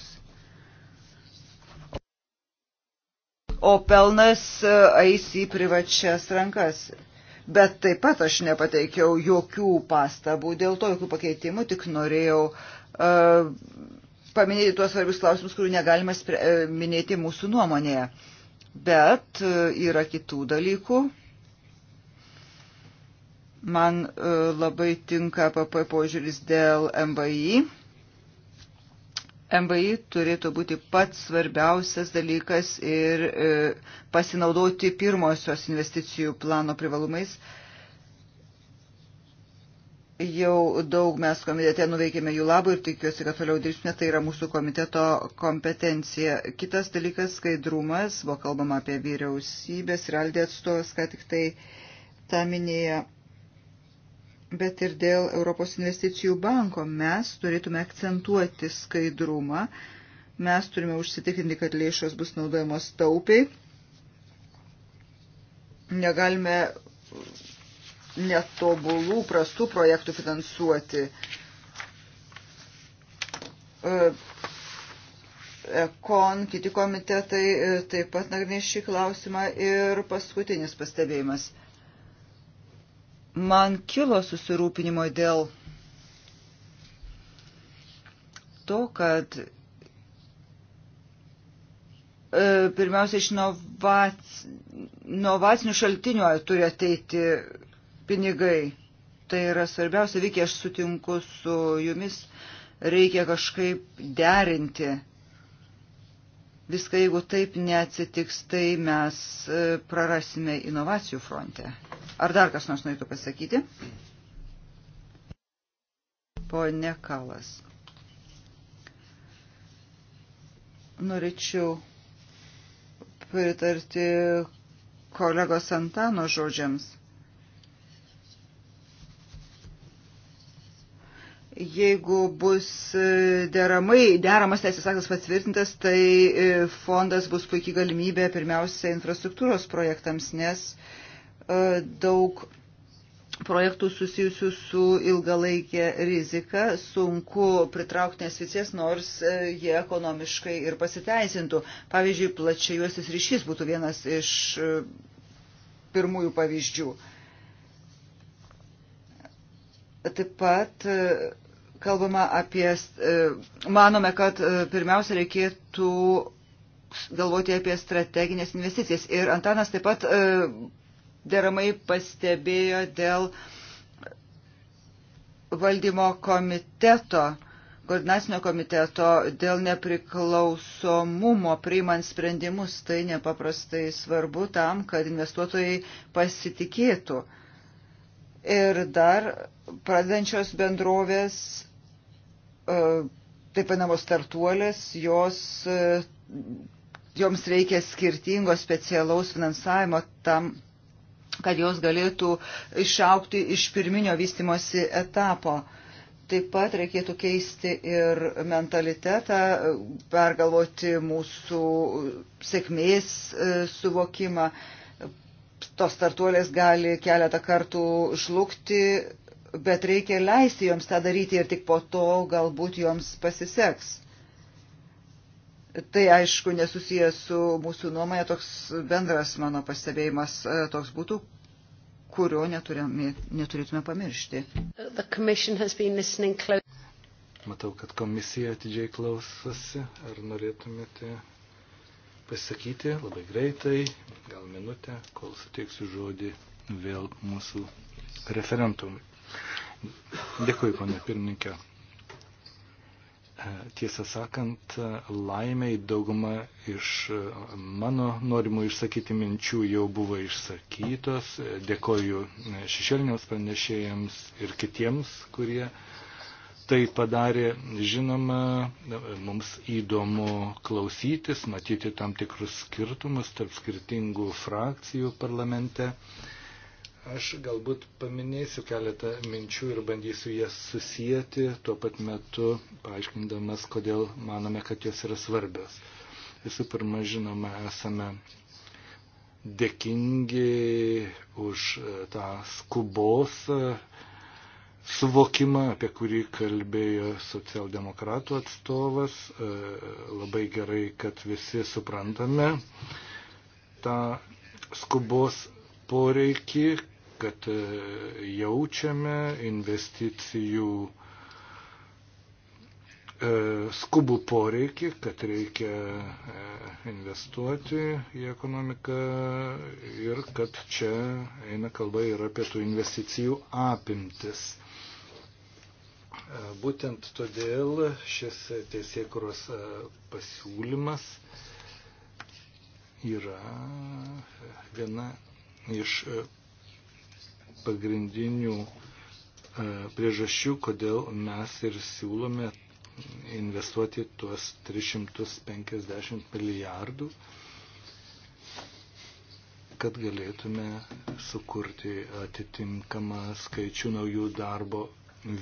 O pelnas e, eis į privačias rankas. Bet taip pat aš nepateikiau jokių pastabų dėl to, jokių pakeitimų, tik norėjau uh, paminėti tuos svarbius klausimus, kurių negalima minėti mūsų nuomonėje. Uh, bet e, yra kitų dalykų. Man e, labai tinka PP požiūris dėl MVI. MVI turėtų būti pats svarbiausias dalykas ir e, pasinaudoti pirmosios investicijų plano privalumais. Jau daug mes komitete nuveikėme jų labui ir tikiuosi, kad toliau dirbsime, tai yra mūsų komiteto kompetencija. Kitas dalykas - skaidrumas, buvo kalbama apie vyriausybės ir aldė atstovas, ką tik tai tą minėjo, bet ir dėl Europos investicijų banko mes turėtume akcentuoti skaidrumą, mes turime užsitikrinti, kad lėšos bus naudojamos taupiai, negalime netobulų, prastų projektų finansuoti. E, Ekon, kiti komitetai e, taip pat nagrinės šį klausimą ir paskutinis pastebėjimas. Man kilo susirūpinimo dėl to, kad e, pirmiausia, iš novac, novacinių šaltinių turi ateiti pinigai. Tai yra svarbiausia, Vykiai, aš sutinku su jumis, reikia kažkaip derinti viską, jeigu taip neatsitiks, tai mes e, prarasime inovacijų fronte. Ar dar kas nors norėtų pasakyti? Pone Kalas. Norėčiau pritarti kolegos Antano žodžiams. Jeigu bus e, deramai, deramas teisės aktas patvirtintas, tai e, fondas bus puikiai galimybė pirmiausia infrastruktūros projektams, nes e, daug projektų susijusių su ilgalaikė rizika, sunku pritraukti investicijas, nors jie ekonomiškai ir pasiteisintų. Pavyzdžiui, plačiajuosis ryšys būtų vienas iš pirmųjų pavyzdžių. Taip pat kalbama apie, e, manome, kad e, pirmiausia reikėtų galvoti apie strateginės investicijas. Ir Antanas taip pat e, deramai pastebėjo dėl valdymo komiteto, koordinacinio komiteto, dėl nepriklausomumo priimant sprendimus. Tai nepaprastai svarbu tam, kad investuotojai pasitikėtų. Ir dar pradedančios bendrovės E, taip vadinamos startuolės, jos, e, joms reikia skirtingo specialaus finansavimo tam, kad jos galėtų išaukti iš pirminio vystimosi etapo. Taip pat reikėtų keisti ir mentalitetą, pergalvoti mūsų sėkmės e, suvokimą. Tos startuolės gali keletą kartų žlugti, bet reikia leisti joms tą daryti ir tik po to galbūt joms pasiseks. Tai aišku nesusijęs su mūsų nuomonė, toks bendras mano pastebėjimas e, toks būtų, kurio neturėme, neturėtume pamiršti. Matau, kad komisija atidžiai klausosi. Ar norėtumėte pasakyti labai greitai, gal minutę, kol suteiksiu žodį vėl mūsų referentumui. Dėkui, ponė pirmininkė. Tiesą sakant, laimiai dauguma iš mano norimų išsakyti minčių jau buvo išsakytos. Dėkoju šešėliniams pranešėjams ir kitiems, kurie tai padarė. Žinoma, mums įdomu klausytis, matyti tam tikrus skirtumus tarp skirtingų frakcijų parlamente. Aš galbūt paminėsiu keletą minčių ir bandysiu jas susijęti, tuo pat metu paaiškindamas, kodėl manome, kad jos yra svarbios. Visų pirma, žinoma, esame dėkingi už e, tą skubos e, suvokimą, apie kurį kalbėjo socialdemokratų atstovas. E, labai gerai, kad visi suprantame tą skubos poreikį, kad e, jaučiame investicijų e, skubų poreikį, kad reikia e, investuoti į ekonomiką ir kad čia eina kalba ir apie tų investicijų apimtis. Būtent todėl šis teisėkuros pasiūlymas yra viena iš pagrindinių e, priežasčių, kodėl mes ir siūlome investuoti tuos 350 milijardų, kad galėtume sukurti atitinkamą skaičių naujų darbo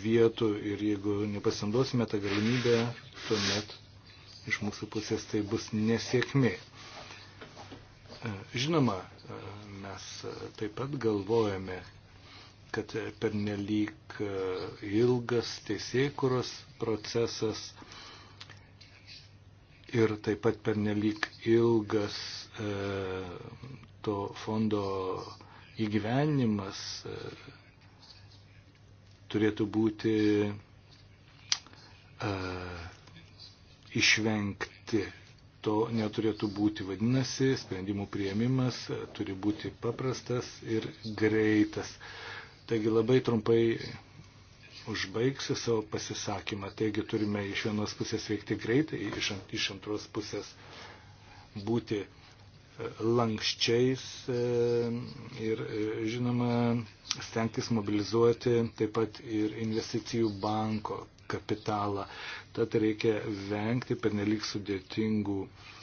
vietų ir jeigu nepasinaudosime tą galimybę, tuomet iš mūsų pusės tai bus nesėkmė. E, žinoma, e, mes taip pat galvojame, kad pernelyg e, ilgas teisėkuros procesas ir taip pat pernelyg ilgas e, to fondo įgyvenimas e, turėtų būti išvengti to neturėtų būti. Vadinasi, sprendimų prieimimas turi būti paprastas ir greitas. E, Taigi labai trumpai užbaigsiu savo pasisakymą. Taigi turime iš vienos pusės veikti greitai, iš, iš antros pusės būti e, lankščiais e, ir, e, žinoma, stengtis mobilizuoti taip pat ir investicijų banko kapitalą. Tad reikia vengti pernelik sudėtingų uh,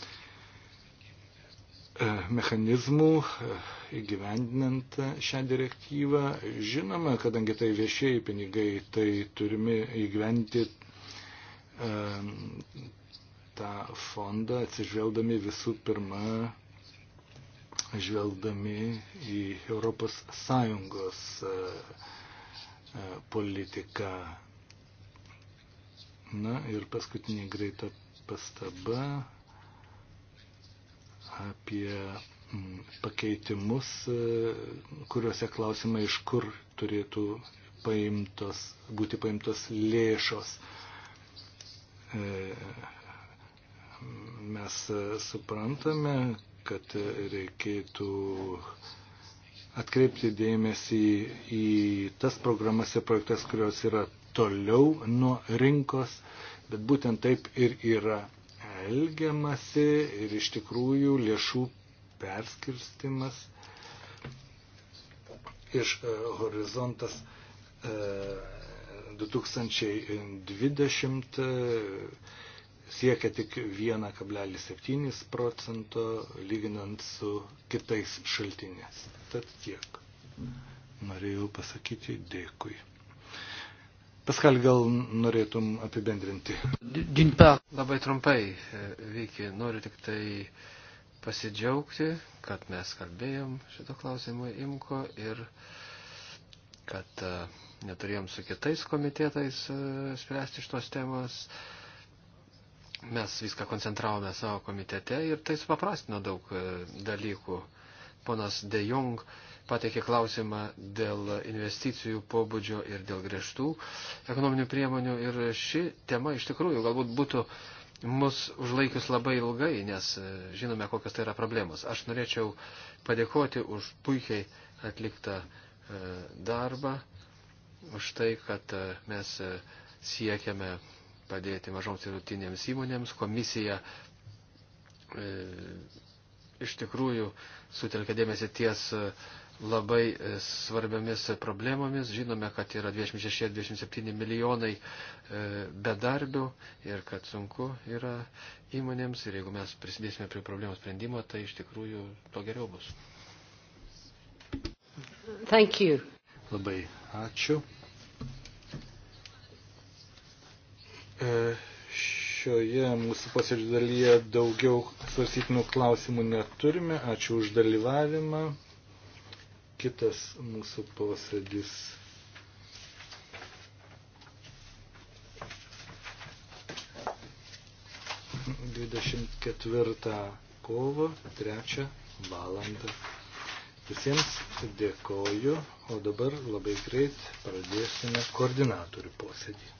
E, mechanizmų e, įgyvendinant šią direktyvą. Žinoma, kadangi tai viešieji pinigai, tai turime įgyvendinti e, tą fondą atsižvelgdami visų pirma, žvelgdami į Europos Sąjungos politiką. Na ir paskutinė greita pastaba apie mm, pakeitimus, e, kuriuose klausimai, iš kur turėtų paimtos, būti paimtos lėšos. E, mes suprantame, kad reikėtų atkreipti dėmesį į tas programas ir projektas, kurios yra toliau nuo rinkos, bet būtent taip ir yra elgiamasi ir iš tikrųjų lėšų perskirstimas iš e, horizontas 2020 e, e, siekia tik 1,7 procento lyginant su kitais šaltinės. Tad tiek. Norėjau pasakyti dėkui. Paskal, gal norėtum apibendrinti? Dinpa. Labai trumpai, e, Viki, noriu tik tai pasidžiaugti, kad mes kalbėjom šito klausimu imko ir kad e, neturėjom su kitais komitetais e, spręsti šitos temos. Mes viską koncentravome savo komitete ir tai supaprastino daug dalykų. Ponas De Jong pateikė klausimą dėl investicijų pobūdžio ir dėl griežtų ekonominių priemonių. Ir ši tema iš tikrųjų galbūt būtų mus užlaikius labai ilgai, nes e, žinome, kokios tai yra problemos. Aš norėčiau padėkoti už puikiai atliktą e, darbą, už tai, kad e, mes siekiame padėti mažoms ir rutinėms įmonėms. Komisija e, iš tikrųjų sutelkia dėmesį ties labai e, svarbiamis problemomis. Žinome, kad yra 26-27 milijonai e, bedarbių ir kad sunku yra įmonėms. Ir jeigu mes prisidėsime prie problemų sprendimo, tai iš tikrųjų to geriau bus. Thank you. Labai ačiū. E, šioje mūsų posėdžio dalyje daugiau svarstytinų klausimų neturime. Ačiū už dalyvavimą. Kitas mūsų posėdis dvidešimt ketvirtą kovo trečią valandą. Visiems dėkoju, o dabar labai greit pradėsime koordinatorių posėdį.